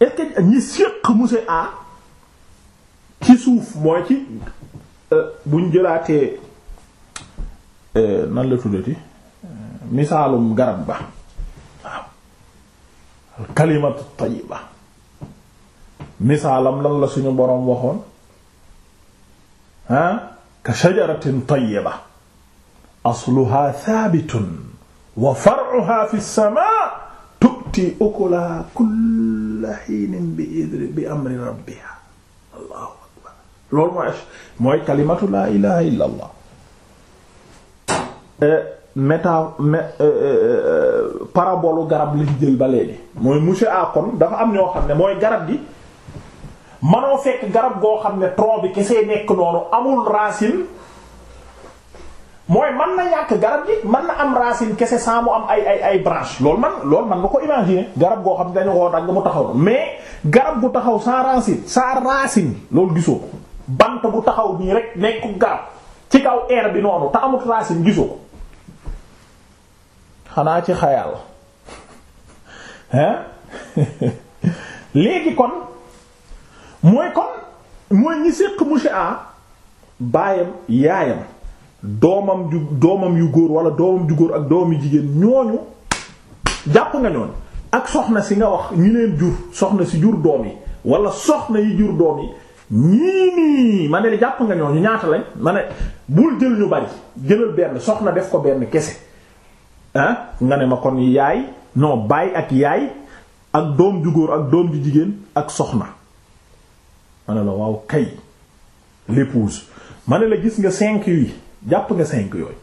A: est-ce que ñi A ci suuf mooy ci euh, bu jëlaatee euh, nan la tuddati euh, misaalum garab ba waaw kalimatu tayyiba misaalam lan la suñu boroom waxoon ah ka shajaratin tayyiba asluha thabitun wa far'uha fi samaa tu'ti ukulaha kulla hiinin bi idri bi amri rabbiha allahu akbar loolu mooy mooy kalimatu laa ilaha illa allah eh, méta eh, eh, parabolu garab lañ jël ba léegi mooy monsieur a kon dafa am ñoo xam ne mooy garab gi manoo fekk garab goo xam ne tronc bi kese nekk noonu amul racine mooy man na ñàkk garab gi mën na am racine kese sans mu am ay ay ay branche loolu man loolu man nga ko imaginer garab goo xam ne dañu woo nga mu taxaw mais garab bu taxaw sans racine sans racine loolu gisoo bant bu taxaw nii rek nekk garab ci kaw air bi noonu te amut racine gisoo ko xanaa ci xayal léegi kon mooy kon mooy ñi séq monsieur A baayam yaayam doomam ju doomam yu góor wala doomam ju góor ak doom yu jigéen ñooñu jàpp nga ñoon ak soxna si nga wax ñu leen jur soxna si jur doom yi wala soxna yi jur doom yi ñii nii ma ne jàpp nga ñooñu ñaata lañ ma ne bul jël ñu bari jëlal benn soxna def ko benn kese ah nga ne ma kon yaay non baay ak yaay ak doom ju góor ak doom ju jigéen ak soxna ma ne la waaw kay l'épouse ma la gis nga cinq yi jàpp nga cinq yooyu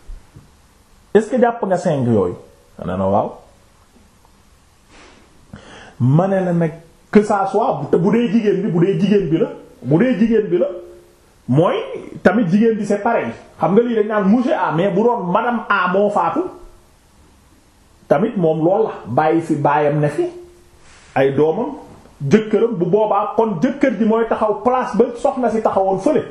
A: est-ce que jàpp nga cinq yooyu xanaa na waaw ma ne la nag que ça soit bu dee jigéen bi bu dee jigéen bi la bu dee jigéen bi la mooy tamit jigéen bi c'est pareil xam nga lii dañ naan monsieur A mais bu doon madame A moo faatu tamit moom lool la bàyyi fi baayam ne fi ay doomam jëkkëram bu boobaa kon jëkkër ji mooy taxaw place ba soxna si taxawoon fële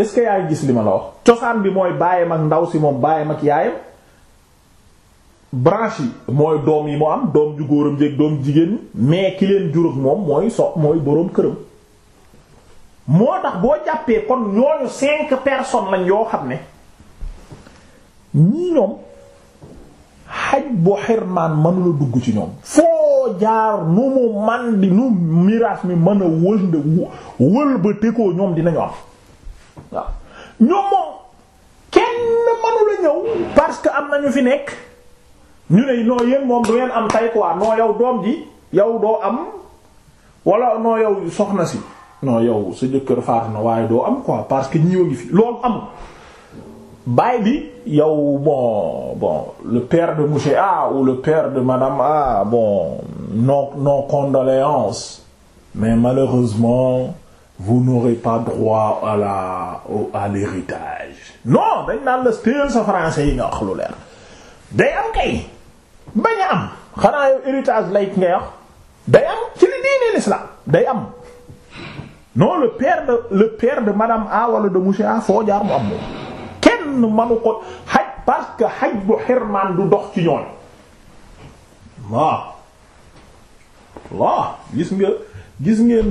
A: est-ce que yaay gis li ma la wax cosaan bi mooy baayam ak ndaw si moom baayam ak yaayam branche yi mooy doom yi mu am doom ju góoram doom jigéen mais ki leen jur ak moom mooy so mooy boroom këram moo tax boo jàppee kon ñooñu cinq personnes lañ yoo xam ne ñii ñoom xaj bu xirmaan mënula dugg ci ñoom foo jaar nu mu man nu miraas mi mën a wël wëlbatekoo ñoom dinañu am waaw ñoom moom kenn mënula ñëw parce que am na ñu fi nekk ñu ne noo yéen moom du ngeen am tay quoi noo yow doom ji yow doo am wala noo yow soxna si non yow sa jëkkër faatu na waaye doo am quoi parce que ñu ngi fi loolu amul baay bi yow bon bon le père de monsieur ou le père de madame A bon nos nos condoléances mais malheureusement vous n'aurez pas droit à la à l'héritage non dañ naan la stéel sa français yi nga wax lu leer day am kay bañ am xanaa yow héritage laïque ngay wax day am ci li diine l'islam day am non le père de le père de madame A wala de monsieur A foo jaar mu am moom kenn manu ko parce que xaj bu xirmaan du dox ci ñoon waaw Allah gis nga gis ngeen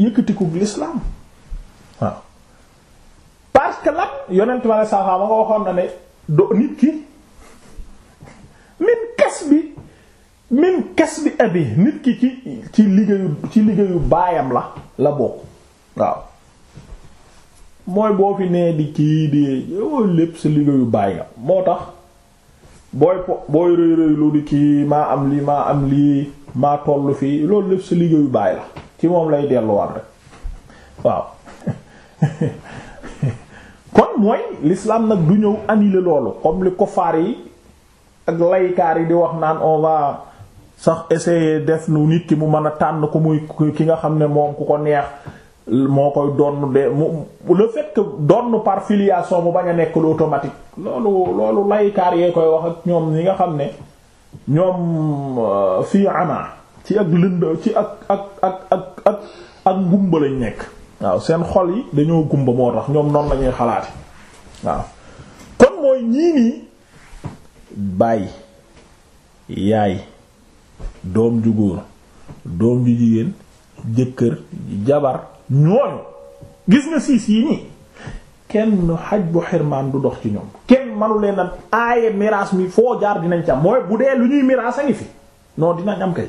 A: yëkkatiku l'islam waaw parce que lan yonent ma ne saxaaba nga waxoon na ne do nit ki min kasbi min kasbi abi nit ki ci ci liggéeyu baayam la la bokk waaw mooy boo fi nee di kii di yow lépp sa liggéeyu baay nga moo tax booy po booy rëy rëy di kii maa am lii maa am lii maa toll fii loolu lépp sa liggéeyu baay la ci moom lay delluwaat rek waaw kon mooy l'islam nag du ñëw annuler loolu comme li kofaar yi ak laykaar yi di wax naan on va sax essayer def lu nit ki mu mën a tànn ku muy ki nga xam ne moom ku ko neex moo koy donn de mu le fait que donn par filiation mu bañ a nekk lu automatique loolu loolu laykaar yee koy wax ak ñoom ñi nga xam ne ñoom euh, fii ana ci ak lënd ci ak ak ak ak ak ngumba lañ nekk waaw seen xol yi dañoo gumba moo tax ñoom noonu lañuy xalaati waaw kon mooy ñii nii baay yaay doom ju góor doom ju jigéen jëkkër jabar ñooñu gis nga siis yi nii kenn xaj bu xirmaan du dox ci ñoom kenn manu leen a aaye miraas mi foo jaar dinañ ci am mooy bu dee lu ñuy miraas fi non dinañ am kay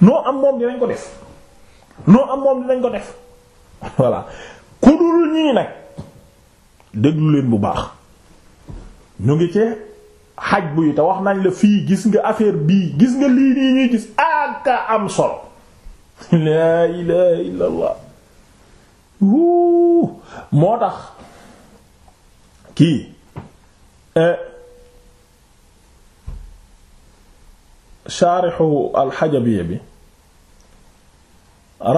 A: noo am moom dinañ ko def noo am moom dinañ ko def voilà ku dul ñii nag déglu leen bu baax ñu ngi ci xaj bu yi te wax nañ la fii gis nga affaire bii gis nga lii nii ñuy gis aka am solo laa ilaha illa allah moo tax kii euh, shaarixu alxajabiya bi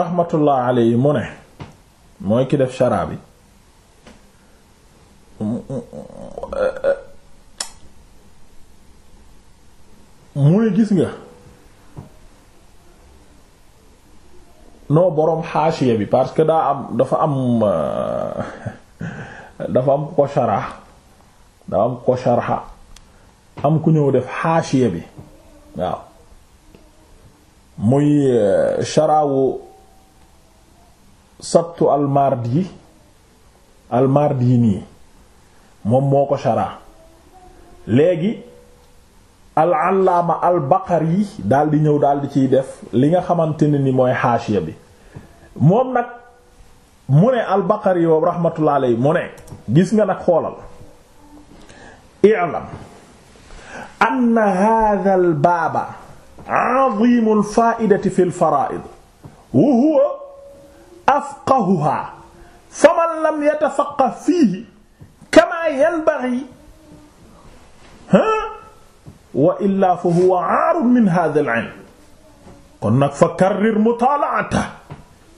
A: raxmatullah alayhi mu ne mooy ki def sharaa bi mu gis nga non boroom xaasiya bi parce que daa am dafa am euh, dafa am ko sharah dafa am ko sharha am ku ñëw def xaasiya bi waaw muy euh, sharaawu sattu almardi almardi nii moom moo ko sharaa léegi al-allaama al yi daal di ñëw daal di ciy def li nga xamante ne ni mooy xaasiya bi moom nag mu ne albaqari yow rahmatullah alay mu ne gis nga nag xoolal i'lam anna hadha al baaba azim al fa'idati fi al fara'id wa huwa afqahuha faman lam yatafaqqah fihi kama yanbaghi ha wa illa fa huwa aarun min hadha al ilm kon nag fa karrir mutaala'atahu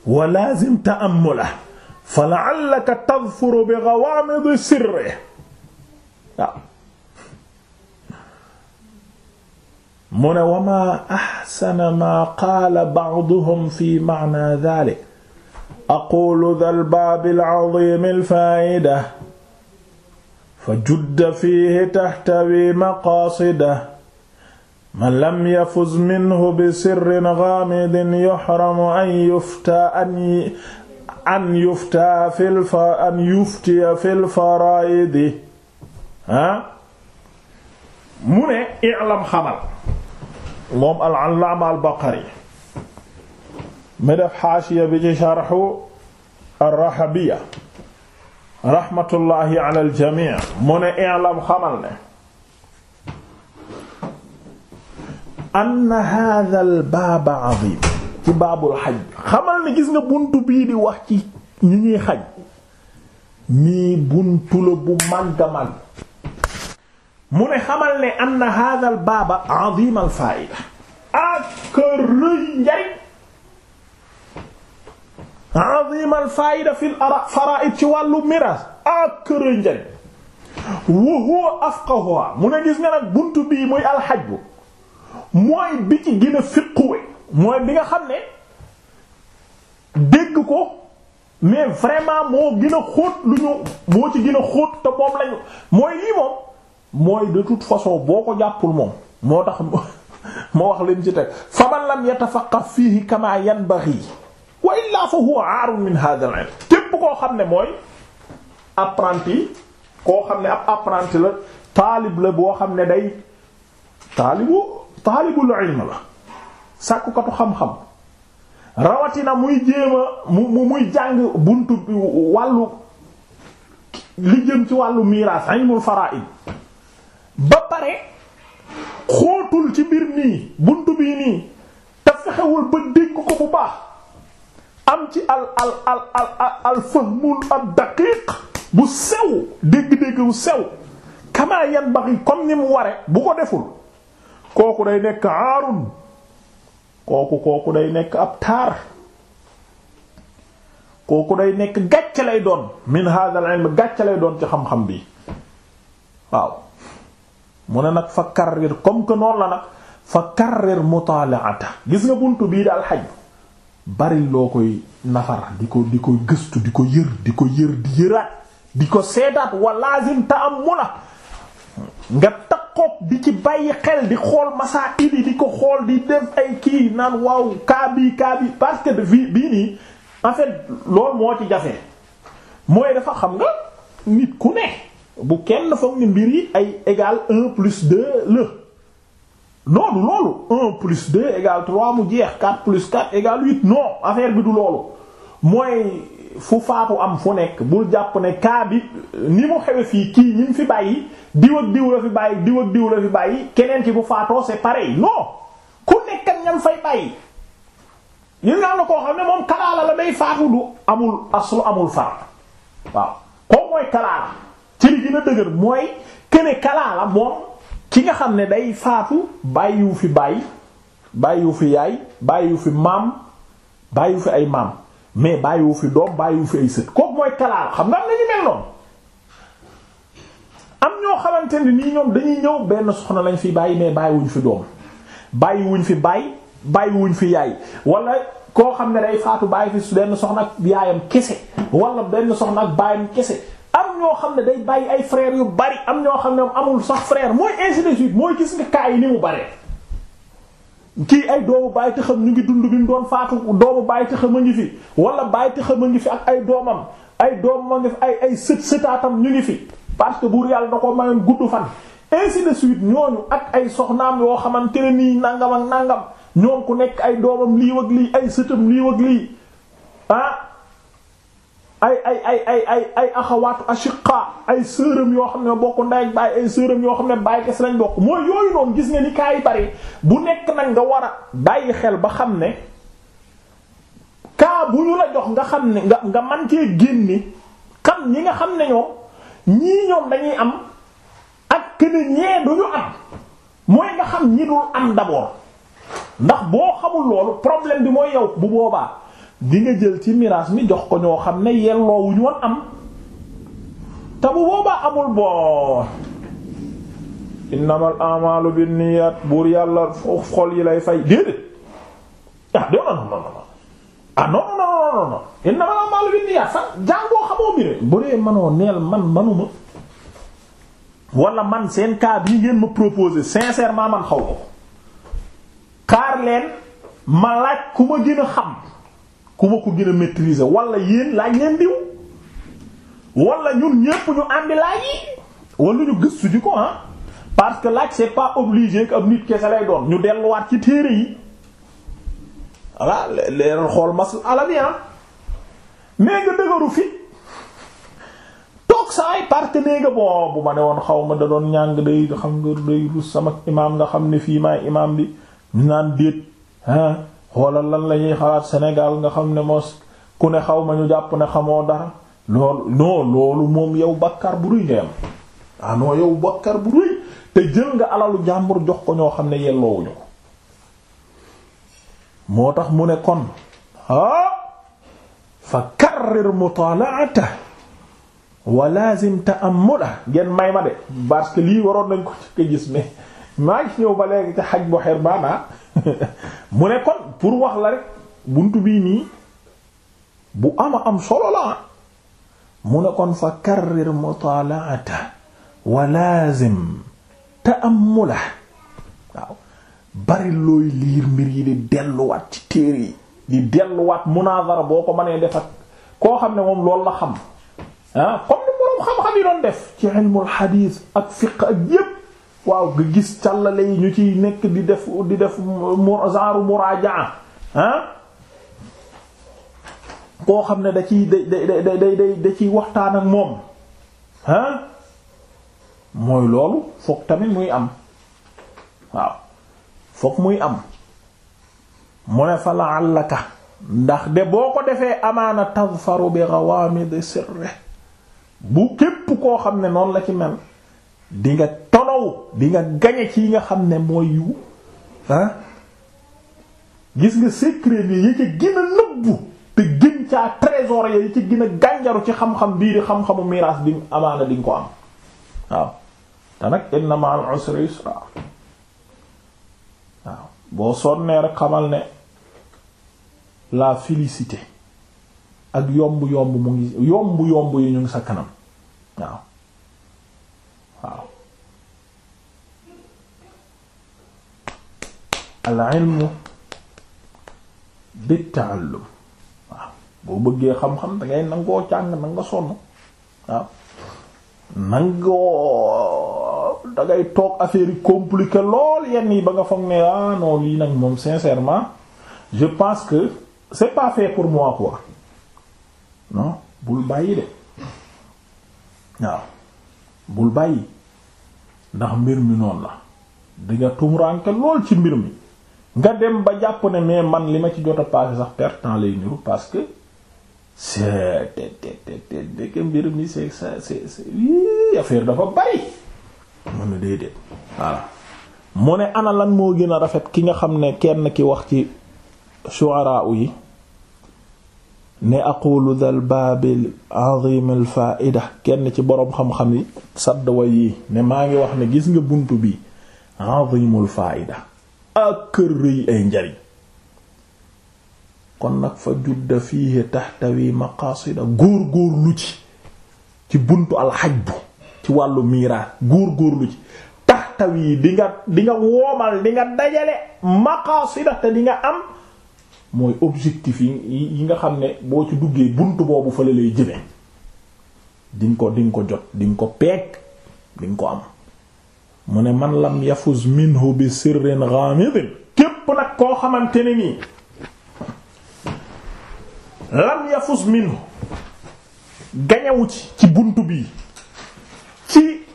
A: wa laazim ta'ammula fa la'allaka tadfuru bi ghawaamidi sirri waaw mu ne wa maa axsana maa qaala ba'duhum fi ma'naa daalik aqulu dhal baabil aziimil faa'ida fa judda fiihi tahtawi maqaasida man lam yafuz minhu bi sirrin ghamidin yuhramu an yufta an an yufta fil fa an yuftiya fil fara'idi ah mu ne i'lam xamal moom al-allaama al-baqari mi def xaashiya bi ci sharxu ar-rahabiya rahmatullahi ala al-jamii mu ne i'lam xamal ne anna hadha al baaba azim ci baabul xaj xamal ne gis nga buntu bii di wax ci ñi ñuy xaj nii buntu la bu màgga màgg mu ne xamal ne anna hadha al baaba azim al faida ak rëy njariñ azim al faida fi al ara faraid ci wàllu miraas ak rëy njariñ wa huwa afqahuha mu ne gis nga nag buntu bii muy al xaj bu mooy bi ci gën a fiquwe mooy bi nga xam ne dégg ko mais vraiment moo gën a xóot lu ñu moo ci gën a xóot te moom lañu mooy lii moom mooy de toute façon boo ko jàppul moom moo tax moo wax leen ci teg faman lam yatafaqqah fiihi kama yanbaghi wa illa fa huwa aarun min hadha al-ilm képp koo xam ne mooy apprenti koo xam ne ab apprenti la taalib la boo xam ne day taalibu taalibul ilm la sàkkukatu xam-xam rawatina muy jéema a mu muy jàng buntu wàllu li jëm ci wàllu miraas ilmul fara'id ba pare xootul ci mbir nii buntu bii nii te fexewul ba dégg ko bu baax am ci al al al al al fahmul ad daqiq bu sew dégg-dégg bu sew kamaa yanbaghi comme ni mu ware bu ko deful kooku day nekk aarun kooku kooku day nekk ab taar kooku day nekk gàcce lay doon min hadha al ilm lay doon ci xam-xam bi waaw mu ne nag fa karrir comme que noonu la nag fa karrir mutalaata gis nga buntu bii daal xaj bari loo koy nafar di ko di ko gëstu di ko yër di ko yër di di ko seetaat wa lazim nga takkoog di ci bàyyi xel di xool masa idi di ko xool di def ay kii naan waaw kaa bii kaa bii nii en fait moo ci jafe mooy dafa xam nga nit ku ne bu kenn foog ni mbir yi ay égal un plus deux la noonu loolu un plus deux égal trois mu jeex quatre plus quatre égal huit non affaire bi du loolu mooy fu faatu am fu nekk bul jàpp ne kaabi ni mu xewe fii kii ñi fi bàyyi diw ak diw la fi bàyyi diw ak diw la fi bàyyi keneen ki bu faatoo c'est pareil non ku nekk ak nga am day faatu du amul aslu amul far waaw kooku mooy kalaala ci li ki nga xam ne day faatu bàyyiwu fi bàyyi bàyyiwu fi yaay bàyyiwu fi maam bàyyiwu fi ay maam mais bàyyiwu fi doom bàyyiwu fi ay sët kooku mooy kalaal xam nga am nañu mel noonu am ñoo xamante ni nii ñoom dañuy ñëw benn soxna lañ fi bàyyi mais bàyyiwuñ fi doom bàyyiwuñ fi bàyyi bàyyiwuñ fi yaay wala koo xam ne day faatu bàyyi fi benn soxna ak yaayam kese wala benn soxna ak baayam kese am ñoo xam ne day bàyyi ay frères yu bari am ñoo xam ne amul sax frère mooy ainsi de suite mooy gis nga kaa yi ni mu bare kii ay doomu bàyyi te xam ñu ngi dund bi mu doon faatu doomu bàyyi te xam a ngi fi wala bàyyi te xam a ngi fi ak ay doomam ay doomam a ngi ay ay sët sëtaatam ñu ngi fi parce que buur yàlla da ko mayoon gudd fan si de suite ñooñu ak ay soxnaam yoo xamante ne nii nangam ak nangam ñoom ku nekk ay doomam lii wag lii ay sëtam lii wag lii ah, ay ay ay ay ay ay axawaatu ashiqa ay sërëm yoo xam ne bokk ndey ak baay ay sërëm yoo xam ne baay kese lañ bokk mooy yooyu noonu gis nga ni kaa yi bari bu nekk nag nga war a bàyyi xel ba xam ne kaa bu ñu la jox nga xam ne nga nga man cee génne xam ñi nga xam ne ñoom ñii ñoom dañuy am ak que ne ñee du ñu am mooy nga xam ñi dul am d'abord ndax boo xamul loolu problème bi mooy yow bu boobaa. di nga jël ci miraas mi jox ko ñoo xam ne yelloowuñu woon am te bu boobaa amul boo innamal a'malu binniyat buur yàlla xol yi lay fay déedéet ah non non non ah non non non non innamal sax jàngoo xamoo mbir bu dee mënoo neel man manuma wala man seen cas bii ngeen ma proposer sincèrement man xaw ko xaar leen ma laaj ku ma gën a xam. ku ma ko gën a maîtriser wala yéen laaj leen diw wala ñun ñépp ñu àndi laaj yi wala ñu gëstu ji ko ah parce que laaj c'est pas obligé que ab nit kese lay doon ñu delluwaat ci téere yi voilà leeral xool mas ala bi ah mais nga dëgëru fi toog saay partenaire nga bon bu ma ne woon xaw ma da doon ñàng day xam nga day rus sama imaam nga xam ne fii maay imaam bi ñu naan déet ah. xoolal lan la ñuy xalaat Sénégal nga xam ne mos ku ne xaw ma ñu jàpp ne xamoo dara loolu loolu moom yow bàkkaar bu rëy ngay am ah non bàkkaar bu rëy te jël nga alalu jàmbur jox ko ñoo xam ne yelloowuñu ko moo tax mu ne kon ah fa karrir mutalaata wa lazim ta'ammula ngeen may ma de parce que lii waroon nañ ko ci gis mais maa ngi ñëw ba léegi te xaj bu xir mu ne kon pour wax la rek buntu bii nii bu ama am solo la mu ne kon fa karrir mutalaata wa lazim ta'ammula waaw bari looy liir mbir yi di delluwaat ci téere delluwaat munazara boo ko mënee def ak koo xam ne moom loolu la xam ah comme ni boroom xam-xam yi doon def ci ilmul ak fiqh ak yépp waaw nga gis càllale yi ñu ciy nekk di def di def genre muraajaa ah koo xam ne da ciy da da da da da ciy waxtaan ak moom ah mooy loolu foog tamit muy am waaw foog muy am mu ne fa la'allaka ndax de boo ko defee amaana tadfaru bi ghawamid sirri bu képp koo xam ne noonu la ci mel dinga nga bi nga gañe ci yi nga xam ne mooy yu ah? gis nga secret bi yi ci gën nëbbu te gën caa trésor ya yi ci gànjaru ci xam-xam bii di xam-xamu miraas bi amaana di nga ko am waaw te nag inna ma'al usri waaw boo sonnee rek xamal ne la félicité ak yomb yomb mu ngi yomb yomb yi ñu ngi sa kanam waaw al ilmu bi ta'allum waaw boo bëggee xam-xam dangay nangoo càng nanga sonn waaw nangoo dangay toog affaire yi compliqué lool yenn yi ba nga foog ne ah non lii nag moom sincèrement je pense que c'est pas fait pour moi quoi non bul bàyyi de waaw bul bàyyi ndax mbir mi noonu la dinga tumuraanke lool ci mbir mi nga dem ba jàpp ne mais man li ma ci jot a passé sax perte temps lay niru parce que c'est te dëkk mbir mi c'est c'est c'est affaire dafa bari mën na déedéet voilà mu ne ana moo gën a rafet ki nga xam ne kenn ki wax ci shu'ara yi ne aqulu dal baabil azim al kenn ci boroom xam-xam yi sadd wa yi ne maa ngi wax ne gis nga bunt bi azimul faida ak kër rëy ay njariñ kon nag fa judda fiihi taxtawi maqaasida góor góor góorlu ci ci buntu alxajbu ci wàllu miiraas góor góorlu ci taxtawi di nga di nga woomal di nga dajale maqaasida te di nga am mooy objectif yi nga xam ne boo ci duggee bunt boobu fa la lay jëme di ko di nga ko jot di nga ko peeg di nga ko am mu ne man lam yafuz minhu bi sirrin ghamidin képp nag koo xamante ne nii lam yafuz minhu gañewu ci ci bunt bi ci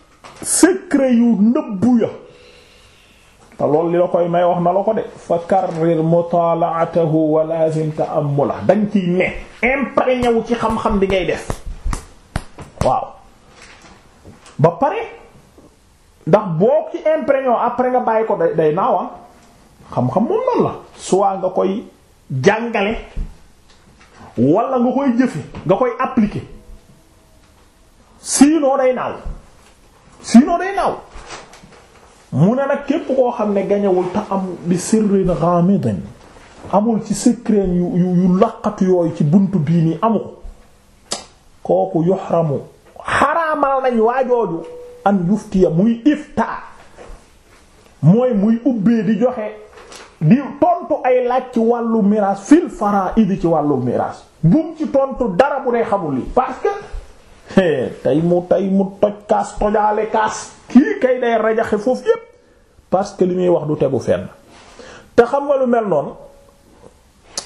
A: secret yu nëbbu ya te loolu li la koy may wax na la ko de fa karrir mutalaatahu wa lazim ta'ammula dañ ciy ne imprégné ci xam-xam bi ngay def waaw ba pare ndax boo ci imprégnon après nga bàyyi ko day day naaw ah. xam-xam moom noonu la soit nga koy jàngale walla nga koy jëfe nga koy appliquer sinon day naaw sinon day naaw mu ne nag képp koo xam ne gañewul te am bi sirrin ghamidin amul ci secret yu yu laqatu yooyu ci bunt bii nii amu kooku yuhramu xaraamal nañ waajooju an yuftiya muy ifta mooy muy ubbee di joxe di tontu ay laaj ci wàllu miraas fil fara'id ci wàllu miraas bum ci tontu dara bu dee xamul li parce que tey mu tey mu toj kaas tojaale kaas kii kay day rajaxe foofu yëpp parce que li muy wax du tegu fenn te xam nga lu mel noonu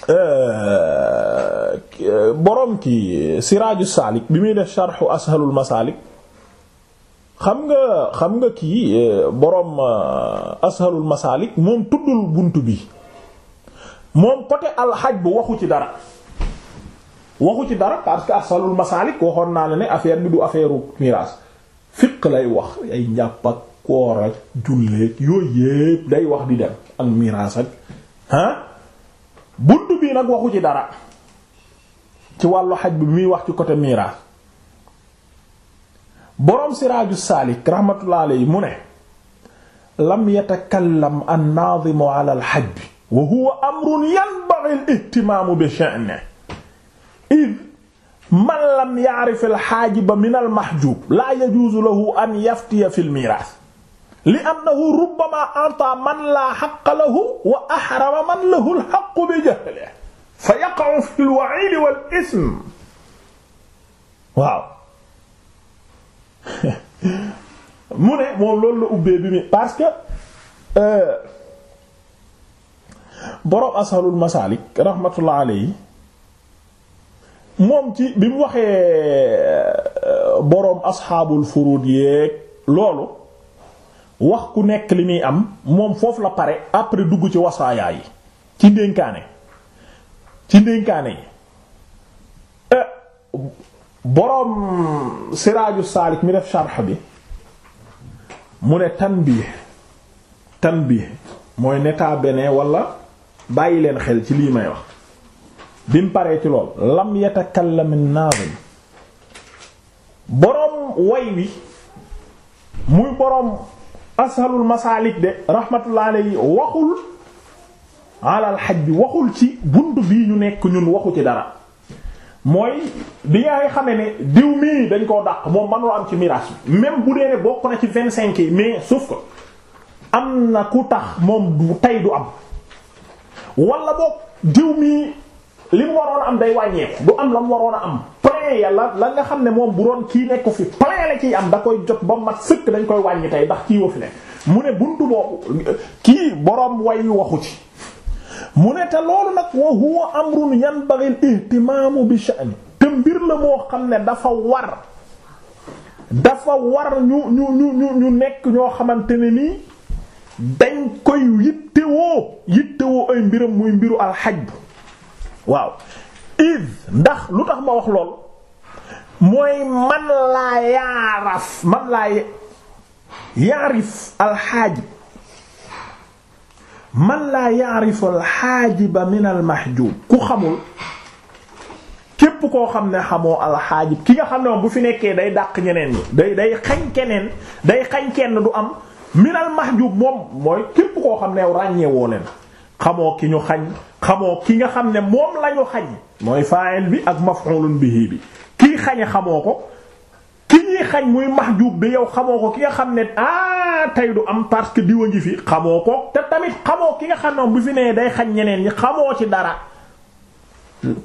A: euh, euh, borom ci Siraaju Saalik bi muy def sharhu Ashalul Masaalik xam nga xam nga kii eh, boroom eh, ashalul masalik moom tuddul bunt bi moom côté alxaj bu waxu ci dara waxu ci dara parce que ashalul masalik waxoon naa la ne affaire bi du affaire u miraas fiq lay wax ay njàpp ak koor ak julleeg yooyu yépp day wax di dem ak miraas ak ah bunt bi nag waxu ci dara ci wàllu xaj bi muy wax ci côté miraas boroom siraaju saalik rahmatullah alayhi mu ne lam yatakallam an-naadimu ala al-hajj wa huwa amrun yanbaghi al-ihtimaamu bi sha'nihi id man lam ya'rif al-haajiba min al-mahjuub laa yajuuzu lahu an yaftiya fi al-miiraas li annahu rubbama a'taa man laa haqqa lahu wa ahrama man lahu al-haqqu bi jahlihi fa yaqa'u fi al-wa'iidi wal-ismi waaw mu ne moom loolu la ubbee bi mi parce que euh, borom asalul masalik rahmatullah alayhi moom ci bi mu waxee euh, boroom asxaabul furud yeeg loolu wax ku nekk li muy am moom foofu la pare après dugg ci wasaayaa yi ci ndénkaane ci ndénkaane yi euh, boroom siraaju saalik mi def sharx bi mu ne tanbiih tanbiih mooy netta bene wala bàyyi leen xel ci lii may wax bi mu paree ci lool lam yatakallam an boroom way wi muy boroom ashalul masaalik de rahmatullah alayhi bi waxul ci bunt bii ñu nekk ñun waxu ci dara mooy bi ngay xam ne diw mii dañ koo dàq moom manul am ci miraas bi même bu dee ne bokk na ci vingt cinq yi mais sauf que am na ku tax moom du tey du am wala boog diw mii li mu waroon a am day wàññeeku du am la mu waroon a am plein yàlla la nga xam ne moom bu doon kii nekku fi plein la ciy am da koy jot ba mat sëkk dañ koy wàññi tey ndax kii wa fi ne mu ne buntu boobu kii boroom way waxu ci mu ne te loolu nag wa huwa amrun yanbaghi al-ihtimaamu bi sha'ni te mbir la moo xam ne dafa war dafa war ñu ñu ñu ñu ñu nekk ñoo xamante ne nii dañ koy yittewoo yittewoo ay mbiram muy mbiru alxajb waaw id ndax lu tax ma wax lool mooy man laa yaaraf man laa yaarif alxaajib man laa yaarifu alxaajiba min almahjub ku xamul képp koo xam ne xamoo alxaajib ki nga xam ne moom bu fi nekkee day dàq ñeneen ñi day day xañ keneen day xañ kenn du am min almahjub moom mooy képp koo xam ne ràññeewoo leen xamoo ki ñu xañ xamoo ki nga xam ne moom la xañ mooy fa'il bi ak maf'ulun bihi bi kii xañe xamoo ko ki ñuy xañ muy mahjub bi yow xamoo ko ki nga xam ne ah tey du am parce que diwa ngi fi xamoo ko te tamit xamoo ki nga xam ne bu fi nee day xañ ñeneen ñi xamoo ci dara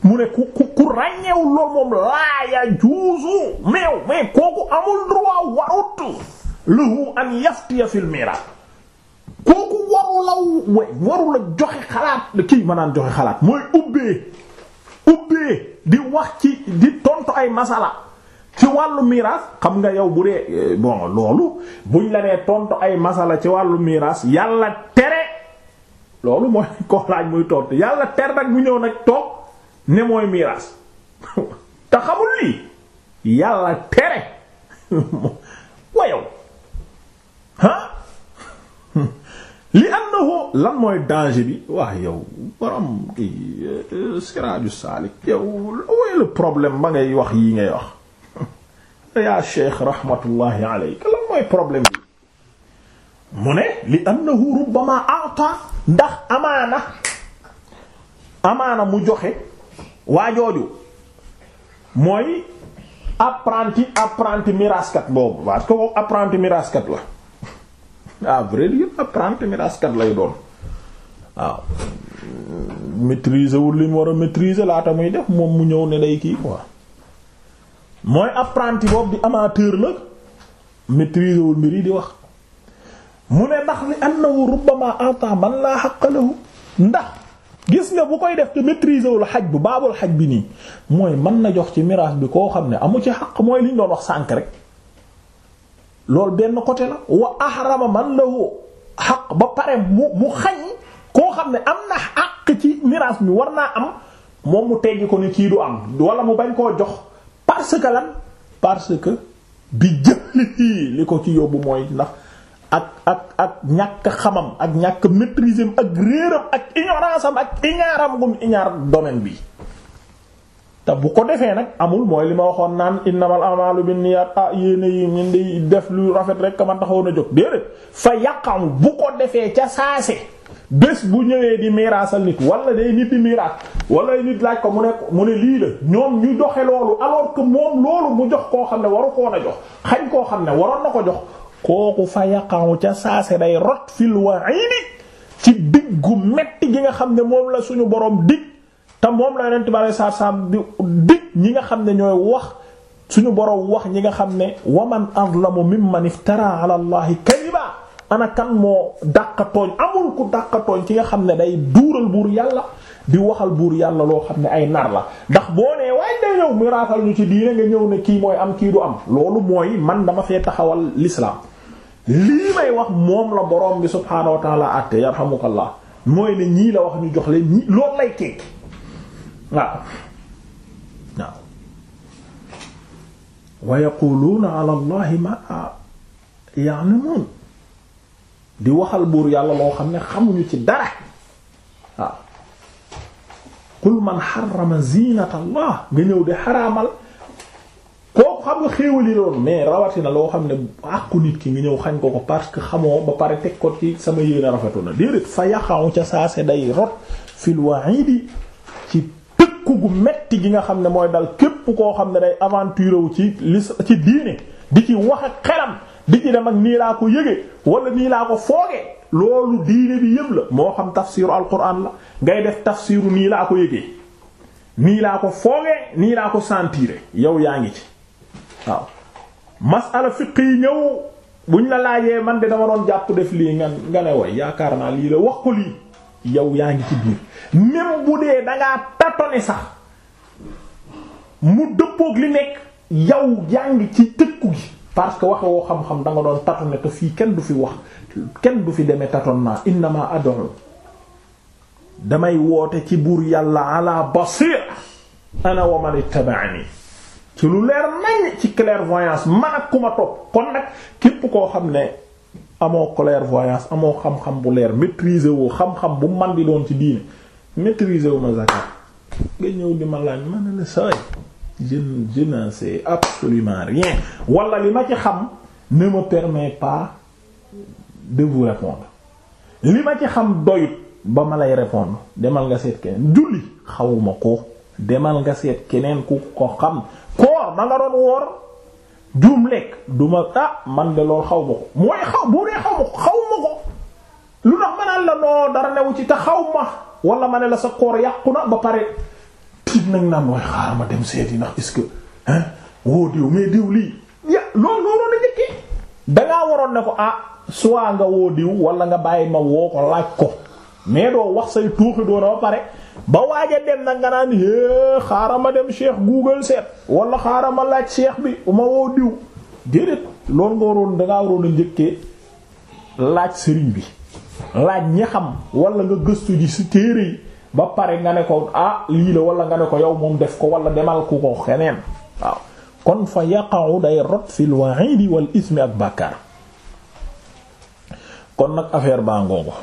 A: mu ne ku ku ku loolu moom laaya juusu meew mais kooku amul droit warut lahu an yaftiya fil miraas kooku warulaw warula joxe xalaat kii ma naan joxe xalaat mooy ubbee ubbee di wax ci di tontu ay masala ci wàllu miraas xam nga yow bu dee eh, bon loolu buñ la nee tontu ay masala ci wàllu miraas yàlla tere loolu mooy koo muy tontu yàlla tere nag mu ñëw nag toog ne mooy miraas te xamul lii yàlla tere wayow ah li annahu lan mooy danger bi waa yow borom kii euh, euh, siraaju saalik yow wooy le problème ba ngay wax yi ngay wax yaa cheikh rahmatullahi aleyk lan mooy problème bi mu ne li annahu rubbama ata ndax amaana amaana mu joxe waa jooju mooy apprenti apprenti miraskat boobu parce que boobu apprenti miraskat la à ah, vrai dire apprenti miraskat lay doon waaw ah, maîtriser wul li mu war a maîtriser laata muy def moom mu ñëw ne day kii quoi mooy apprenti boobu di amateur la maîtriser wul mbir yi di wax mu ne ndax li annahu rubbama ata man laa xaq lahu ndax gis nga bu koy def te maîtriser wul xaj bu baabul xaj bi nii mooy mën na jox ci miraas bi koo xam ne amu ci xaq mooy li ñu wax sànk rek loolu benn côté la wa ahrama man lahu xaq ba pare mu koo xam ne am na xaq ci miraas bi war naa am moom mu teggi ko ni kii du am wala mu bañ koo jox parce que lan parce que bi jëli li ko ci yóbbu mooy ndax ak ak ak ñàkk xamam ak ñàkk maîtriser ak réeram ak ignorance am ak iñaaram gum iñaar domaine bi te bu ko defee nag amul mooy li ma waxoon naan innamal a'malu binniyat ah yéene yi ñun di def lu rafet rek man taxawoon a déedéet fa yàqamu bu ko defee ca saase bés bu ñëwee di miraasal nit wala day nit di miraas wala nit laaj ko mu ne mu ne lii la ñoom ñu doxe loolu alors que moom loolu mu jox koo xam ne waru koo na jox xañ koo xam ne waroon na ko jox kooku fa yaqamu ca saase day rot fil wa'idi ci diggu metti gi nga xam ne moom la suñu boroom dig te moom la yonent bi alei satu salaam ñi nga xam ne ñooy wax suñu borom wax ñi nga xam ne waman azlamu mimman iftara ala allahi ana kan moo dàqatooñ amul ku dàqatooñ ci nga xam ne day duural buur yàlla di waxal buur yàlla loo xam ne ay nar la ndax boo nee waaye day ñëw mu raatal ñu ci diine nga ñëw ne kii mooy am kii du am loolu mooy man dama fee taxawal l'islam lii may wax moom la borom bi subhaanahu wa taala àtte yarhamukallah mooy ne ñii la wax ñu jox leen ñii loolu lay tekki waaw waaw wa yaquluuna ala allahi ma ya'lamuun di waxal buur yàlla loo xam ne xamuñu ci dara waaw qul man xarama zinata allah nga ñëw di xaraamal kooku xam nga xéewal yi loolu mais rawatina loo xam ne àqu nit ki nga ñëw xañ ko ko parce que xamoo ba pare teg ko ci sama yéene rafetu na déedéet fa yaqawu ca saase day rot fil wa'idi ci tëkku gu metti gi nga xam ne mooy dal képp koo xam ne day aventure wu ci li ci diine di ci wax ak xelam di ci dem ak nii laa ko yëgee wala nii laa ko foogee loolu diine bi yëpp la moo xam tafsiru alquran la ngay def tafsiru nii laa ko yëgee nii laa ko foogee nii laa ko sentire yow yaa ngi ci waaw masala fiq yi ñëw buñ la laajee man de dama doon jàpp def lii nga ne way yaakaar naa lii la wax ko lii yow yaa ngi ci biir même bu dee dangaa tatone sax mu dëppoog li nekk yow yaa ngi ci tëkku gi parce que waxe woo xam-xam da nga doon tâtonner te fii kenn du fi wax kenn du fi demee tâtonnement innama ad'u damay woote ci buur yàlla ala basir ana wa man ci lu leer nañ ci clairvoyance man ak ku topp kon nag képp koo xam ne amoo clairvoyance amoo xam-xam bu leer maîtriser woo xam-xam bu man di doon ci diine maîtriser wu ma nga ñëw di ma laaj ma ne la je je n'en sais wala ma ci xam ne me permet ma ci xam doyut ba ma lay demal nga seet keneen julli xawuma ko demal nga seet keneen ku ko xam koor ma nga doon woor juum lekk du ma ah man de loolu xaw ma ko mooy xaw bu dee xaw ma ko xaw ma ko lu tax ma naan la noo dara newu ci te xaw ma wala ma ne la sa koor yàqu na ba pare tuut nag naan waaye xaaral ma dem seeti ndax est-ce hein woo diw mais diw lii ya loolu loolu la njëkkee dangaa waroon ne ko ah soit nga woo diw wala nga bàyyi ma woo ko laaj ko mais doo wax say tuuxi doona ba pare ba waaj a dem nag nga naan é eh, xaaral ma dem cheikh google seet wala xaaral ma laaj cheikh bi ma woo diw déedéet loolu nga waroon dangaa waroon a njëkkee laaj sëriñ bi laaj ñi xam wala nga gëstu ji ci téere yi ba pare nga ne ko ah, lii la wala nga ne ko yow moom def ko wala demal ku ko xeneen kon fa yaqa'u day rot fil wa'idi wal ismi ak bàkkaar kon nag affaire baa ngoongo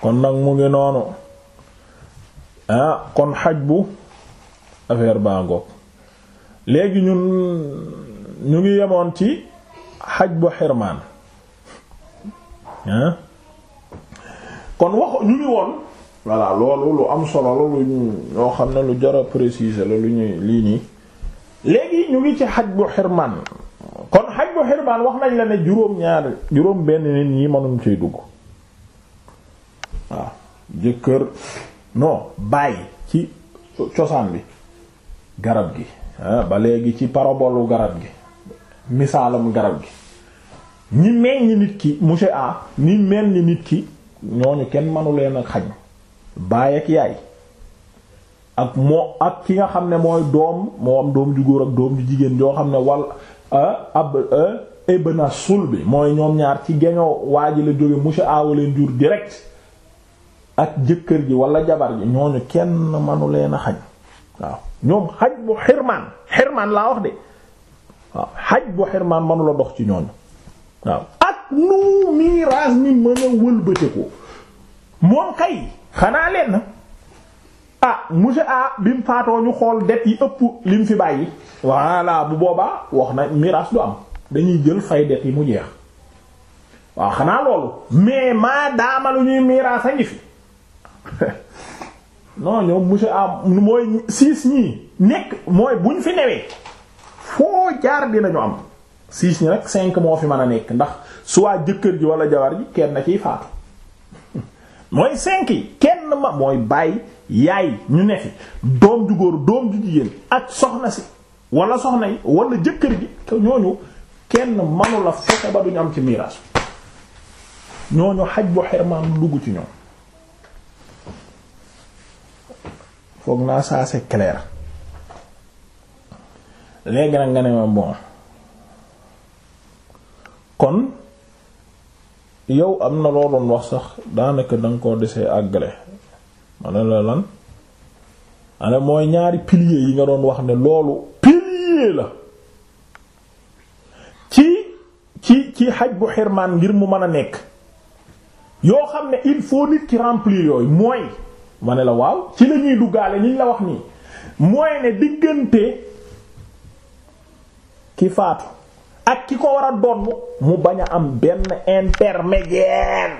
A: kon nag mu ngi noonu kon xaj bu affaire baa ngoog léegi ñun ñu ngi yemoon ci xaj bu xirmaan hein kon wax ñu ngi woon voilà loolu lu am solo la lu ñoo xam ne lu jar a préciser la lu ñuy lii nii léegi ñu ngi ci xaj bu xirmaan kon xaj bu xirmaan wax nañ la ne juróom-ñaar juróom-benn nit ñi mënum cay dugg waaw jëkkër non bàyyi ci cosaan bi garab gi ah ba léegi ci parabolu garab gi misaalam garab gi ñi ni nit ki monsieur A ñi meññ nit ki. ñooñu kenn manu leen a xañ baay ak yaay ak moo ak ki nga xam ne mooy doom moo am doom ju góor ak doom ju jigéen joo xam ne wal ab ebna bi mooy ñoom ñaar ci geñoo waa ji la jóge monsieur aawa leen jur direct ak jëkkër ji wala jabar ji ñooñu kenn manu leen a xañ ñoom xaj bu xirmaan xirmaan laa wax de waaw xaj bu xirmaan manu la dox ci ñooñu waaw ak lu miraas mi mën wëlbate ko moom kay xanaa leen ah monsieur bi mu faatoo ñu xool det yi ëpp lim fi bàyyi voilà bu boobaa wax na miraas du am dañuy jël fay det yi mu jeex waaw xanaa loolu mais maa daama ñuy miraas a ngi fi non ñoom monsieur mooy siis ñii nekk mooy buñ fi newee foo jaar dinañu am siis ñi nag cinq moo fi man a nekk ndax soit jëkkër ji wala jabar ji kenn ciy faatu mooy cinq yi kenn ma mooy bàyyi yaay ñu ne fi doom ju góor doom ju jigéen ak soxna si wala soxna yi walla jëkkër ji te ñooñu kenn manu la fexe ba duñu am ci miraas ñooñu xaj bu xermaan dugg ci ñoom foog naa ça c'est clair léegi nag nga ne ma bon kon yow am na loo doon wax sax daanaka danga koo desee àggale ma ne la lan ana mooy ñaari pilier yi nga doon wax ne loolu pilier la ci ci ci xaj bu xirmaan ngir mu mën a nekk yoo xam ne il faut nit ki remplir yooyu mooy ma ne la waaw ci la ñuy duggaale liñ la wax nii mooy ne diggante ki faatu ak ki ko war a doon mu bañ a am benn intermédiaire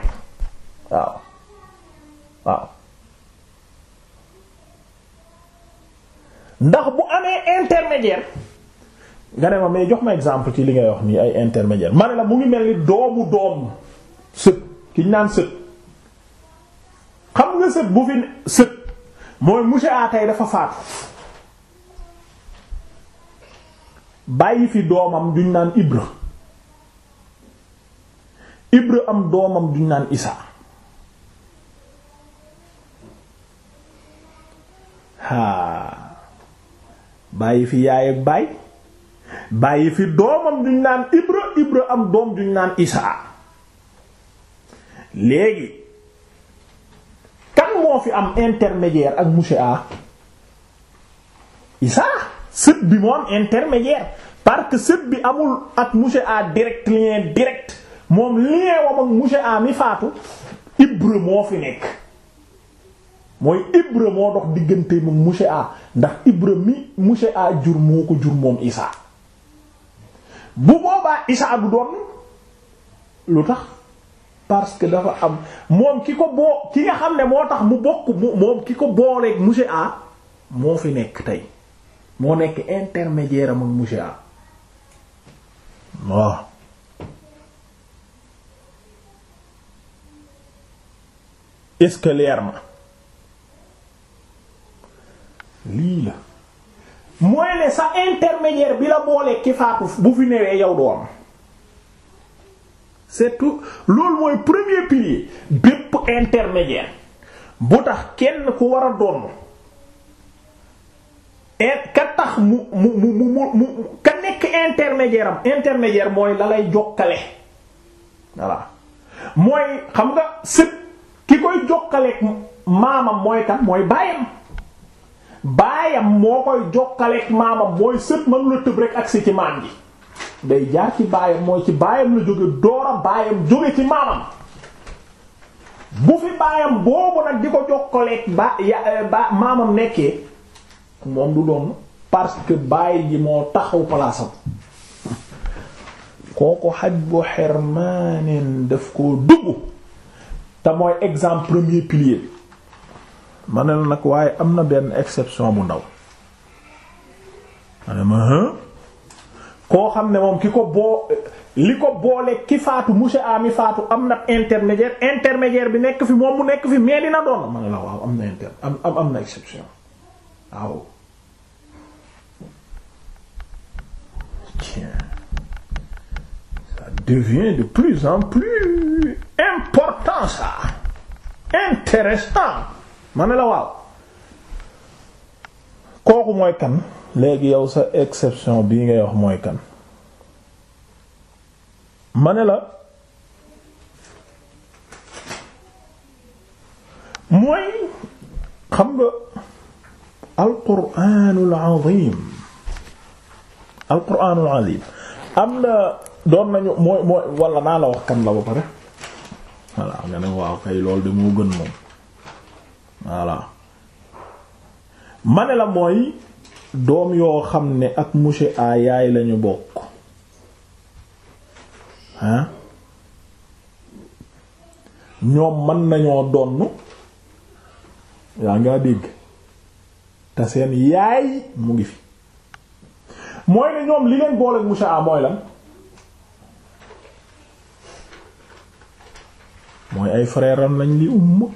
A: waaw waaw ndax bu amee intermédiaire nga ne ma mais jox ma exemple ci li ngay wax nii ay intermédiaire ma ne la mu ngi mel ni doomu doom sët ki ñu naan sët xam nga sët bu fi sët mooy monsieur A tey dafa faatu bàyyi fi doomam duñ naan Ibra Ibra am doomam duñ naan Isa bàyyi fi yaay ak baay bàyyi fi doomam duñ naan Ibra Ibra am doom duñ naan Isa léegi kan moo fi am intermédiaire ak monsieur A Isa sët bi moo am parce que sët bi amul ak monsieur A direct lien direct moom lien wam ak monsieur mi faatu Ibra moo fi nekk mooy Ibra moo dox diggante moom monsieur ndax Ibra mi monsieur A jur moo ko jur moom Isaa bu boobaa Isaa du doon lu tax parce que dafa am moom ki ko boo ki nga xam ne moo tax mu bokk moom ki ko booleeg monsieur moo fi nekk tey moo nekk intermédier am ak monsieur A waaw est que leer ma lii la mooy ne sa intermédiaire bi la boole ki faatu bu fi newee yow doo am loolu mooy premier pilier bépp intermédiaire bu tax kenn ku war a doon ka tax mu mu mu mu mu ka nekk intermédiaire am intermédiaire mooy la lay jokkale voilà mooy xam nga sët ki koy jokkaleek maamam mooy kan mooy baayam baayam moo koy jokkaleek maamam mooy sët mënu la tëb rek agsi ci maam ji day jaar ci baayam mooy ci baayam la jóge doora baayam jóge ci maamam bu fi baayam boobu nag di ko jokkaleek ba ya ba maamam nekkee moom du doon parce que bàyyi ji moo taxaw palaasam kooku xaj bu xermaanin def koo dugg te mooy exemple premier pilier bi ma la nag waaye am na benn exception bu ndaw ma koo xam ne moom ki ko boo li ko boole ki faatu monsieur ami faatu am na intermédiaire intermédiaire bi nekk fi moom mu nekk fi mais dina doon ma ne la waaw am na inter am am na exception waaw tiens ça devient de plus en plus important ça intéressant ma ne la waaw kooku mooy kan léegi yow sa exception bii ngay wax mooy kan ma ne mooy xam nga alquraanul azim alquraanul azim am na doon nañu mooy mooy wala naa la wax kan la ba pare voilà nga ne waaw kay loolu de gën moom voilà ma la mooy doom yoo xam ne ak monsieur a yaay lañu bokk ah ñoom mën nañoo donn yaa ngaa dégg te seen yaay mu ngi fi mooy ne ñoom li leen booleeg monsieur A mooy lan mooy ay frère am lañ li umma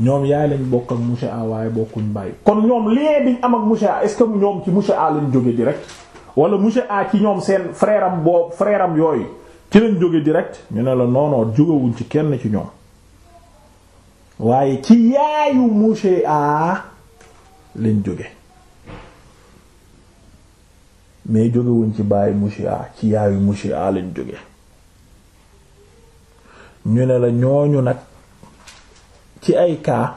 A: ñoom yaay lañ bokk ak monsieur A waaye bokkuñ bàyyi kon ñoom lien biñ am ak monsieur A est ñoom ci monsieur A lañ jóge direct wala monsieur A ci ñoom seen frère am boobu frère yooyu ci lañ jóge direct ñu ne la noonoo jógewuñ ci kenn ci ñoom waaye ci yaayu monsieur A lañ jóge mais jógewuñ ci bàyyi Mushia ci yaayu Mushia lañ jóge ñu ne la ñooñu nag ci ay cas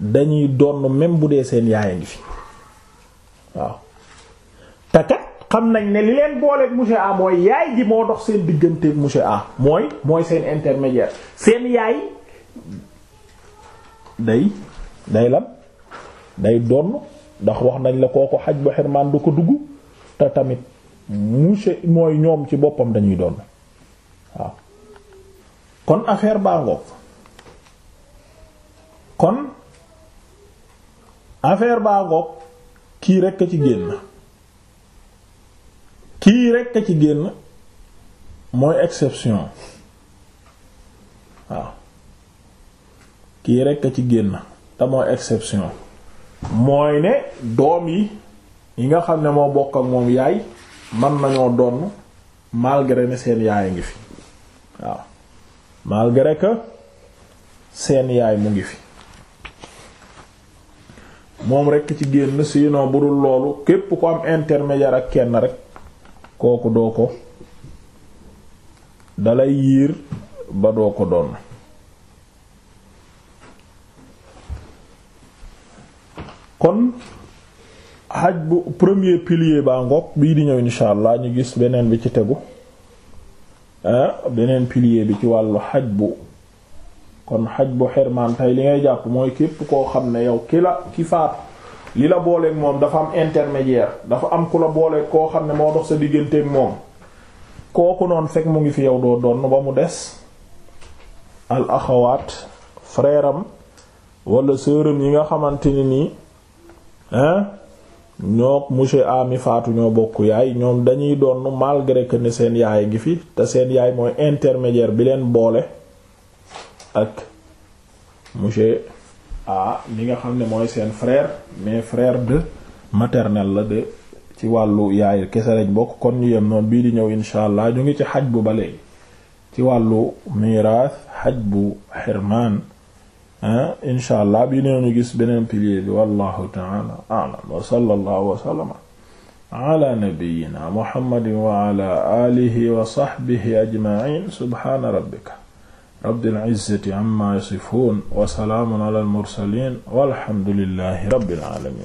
A: dañuy donn même bu dee seen yaaya ngi fi waaw te xam nañ ne li leen booleeg monsieur mooy yaay ji moo dox seen digganteeg monsieur A mooy mooy seen intermédiaire seen yaay day day day donn ndax wax nañ la kooku xaj bu xirmaan du ko dugg te tamit monsieur mooy ñoom ci boppam dañuy donn waaw kon affaire baa ngoog kon affaire baa kii rekk a ci génn kii rekk a ci génn mooy exception waaw kii rekk a ci génn te mooy exception mooy ne doom yi yi nga xam ne moo bokk ak moom yaay man nañoo donn malgré ne seen yaay a ngi fi waaw malgré que seen yaay mu ngi fi moom rekk ci génn sinon bu dul loolu képp ko am intermédiaire ak kenn rekk kooku doo ko dalay yiir ba doo ko donn kon xaj bu premier pilier baa ngoog bii di ñëw insha allah ñu gis beneen bi ci tegu beneen pilier bi ci wàllu xaj bu kon xaj bu xirmaan tey li ngay jàpp mooy képp koo xam ne yow ki la ki faatu li la booleeg moom dafa am intermédiaire dafa am ku la booleeg koo xam ne moo dox sa digganteeg moom kooku noon fekk mu ngi fi yow doo doon ba mu des al axawaat frère am wala yi nga xamante nii ñoo monsieur ami faatu ñoo bokk yaay ñoom dañuy doon malgré que ne seen yaay ngi fi te seen yaay mooy intermédiaire bi leen boole ak monsieur a mi nga xam ne mooy seen frère mais frère de maternel la de ci wàllu yaay kese lañ bokk kon ñu yem noonu bii di ñëw insha allah ñu ngi ci xaj bu ba léegi ci wàllu miraas xaj bu xirmaan Ah, incha allah bi neeñu gis beneen pilier bi wallahu taala alam wa sallallahu wa sallama ala nabiyyina muhammadin wa ala alihi wa sahbihi ajma'in subhana rabbika rabbil izzati amma yasifun wa salaamun ala al mursalin walhamdulillahi rabbil alamin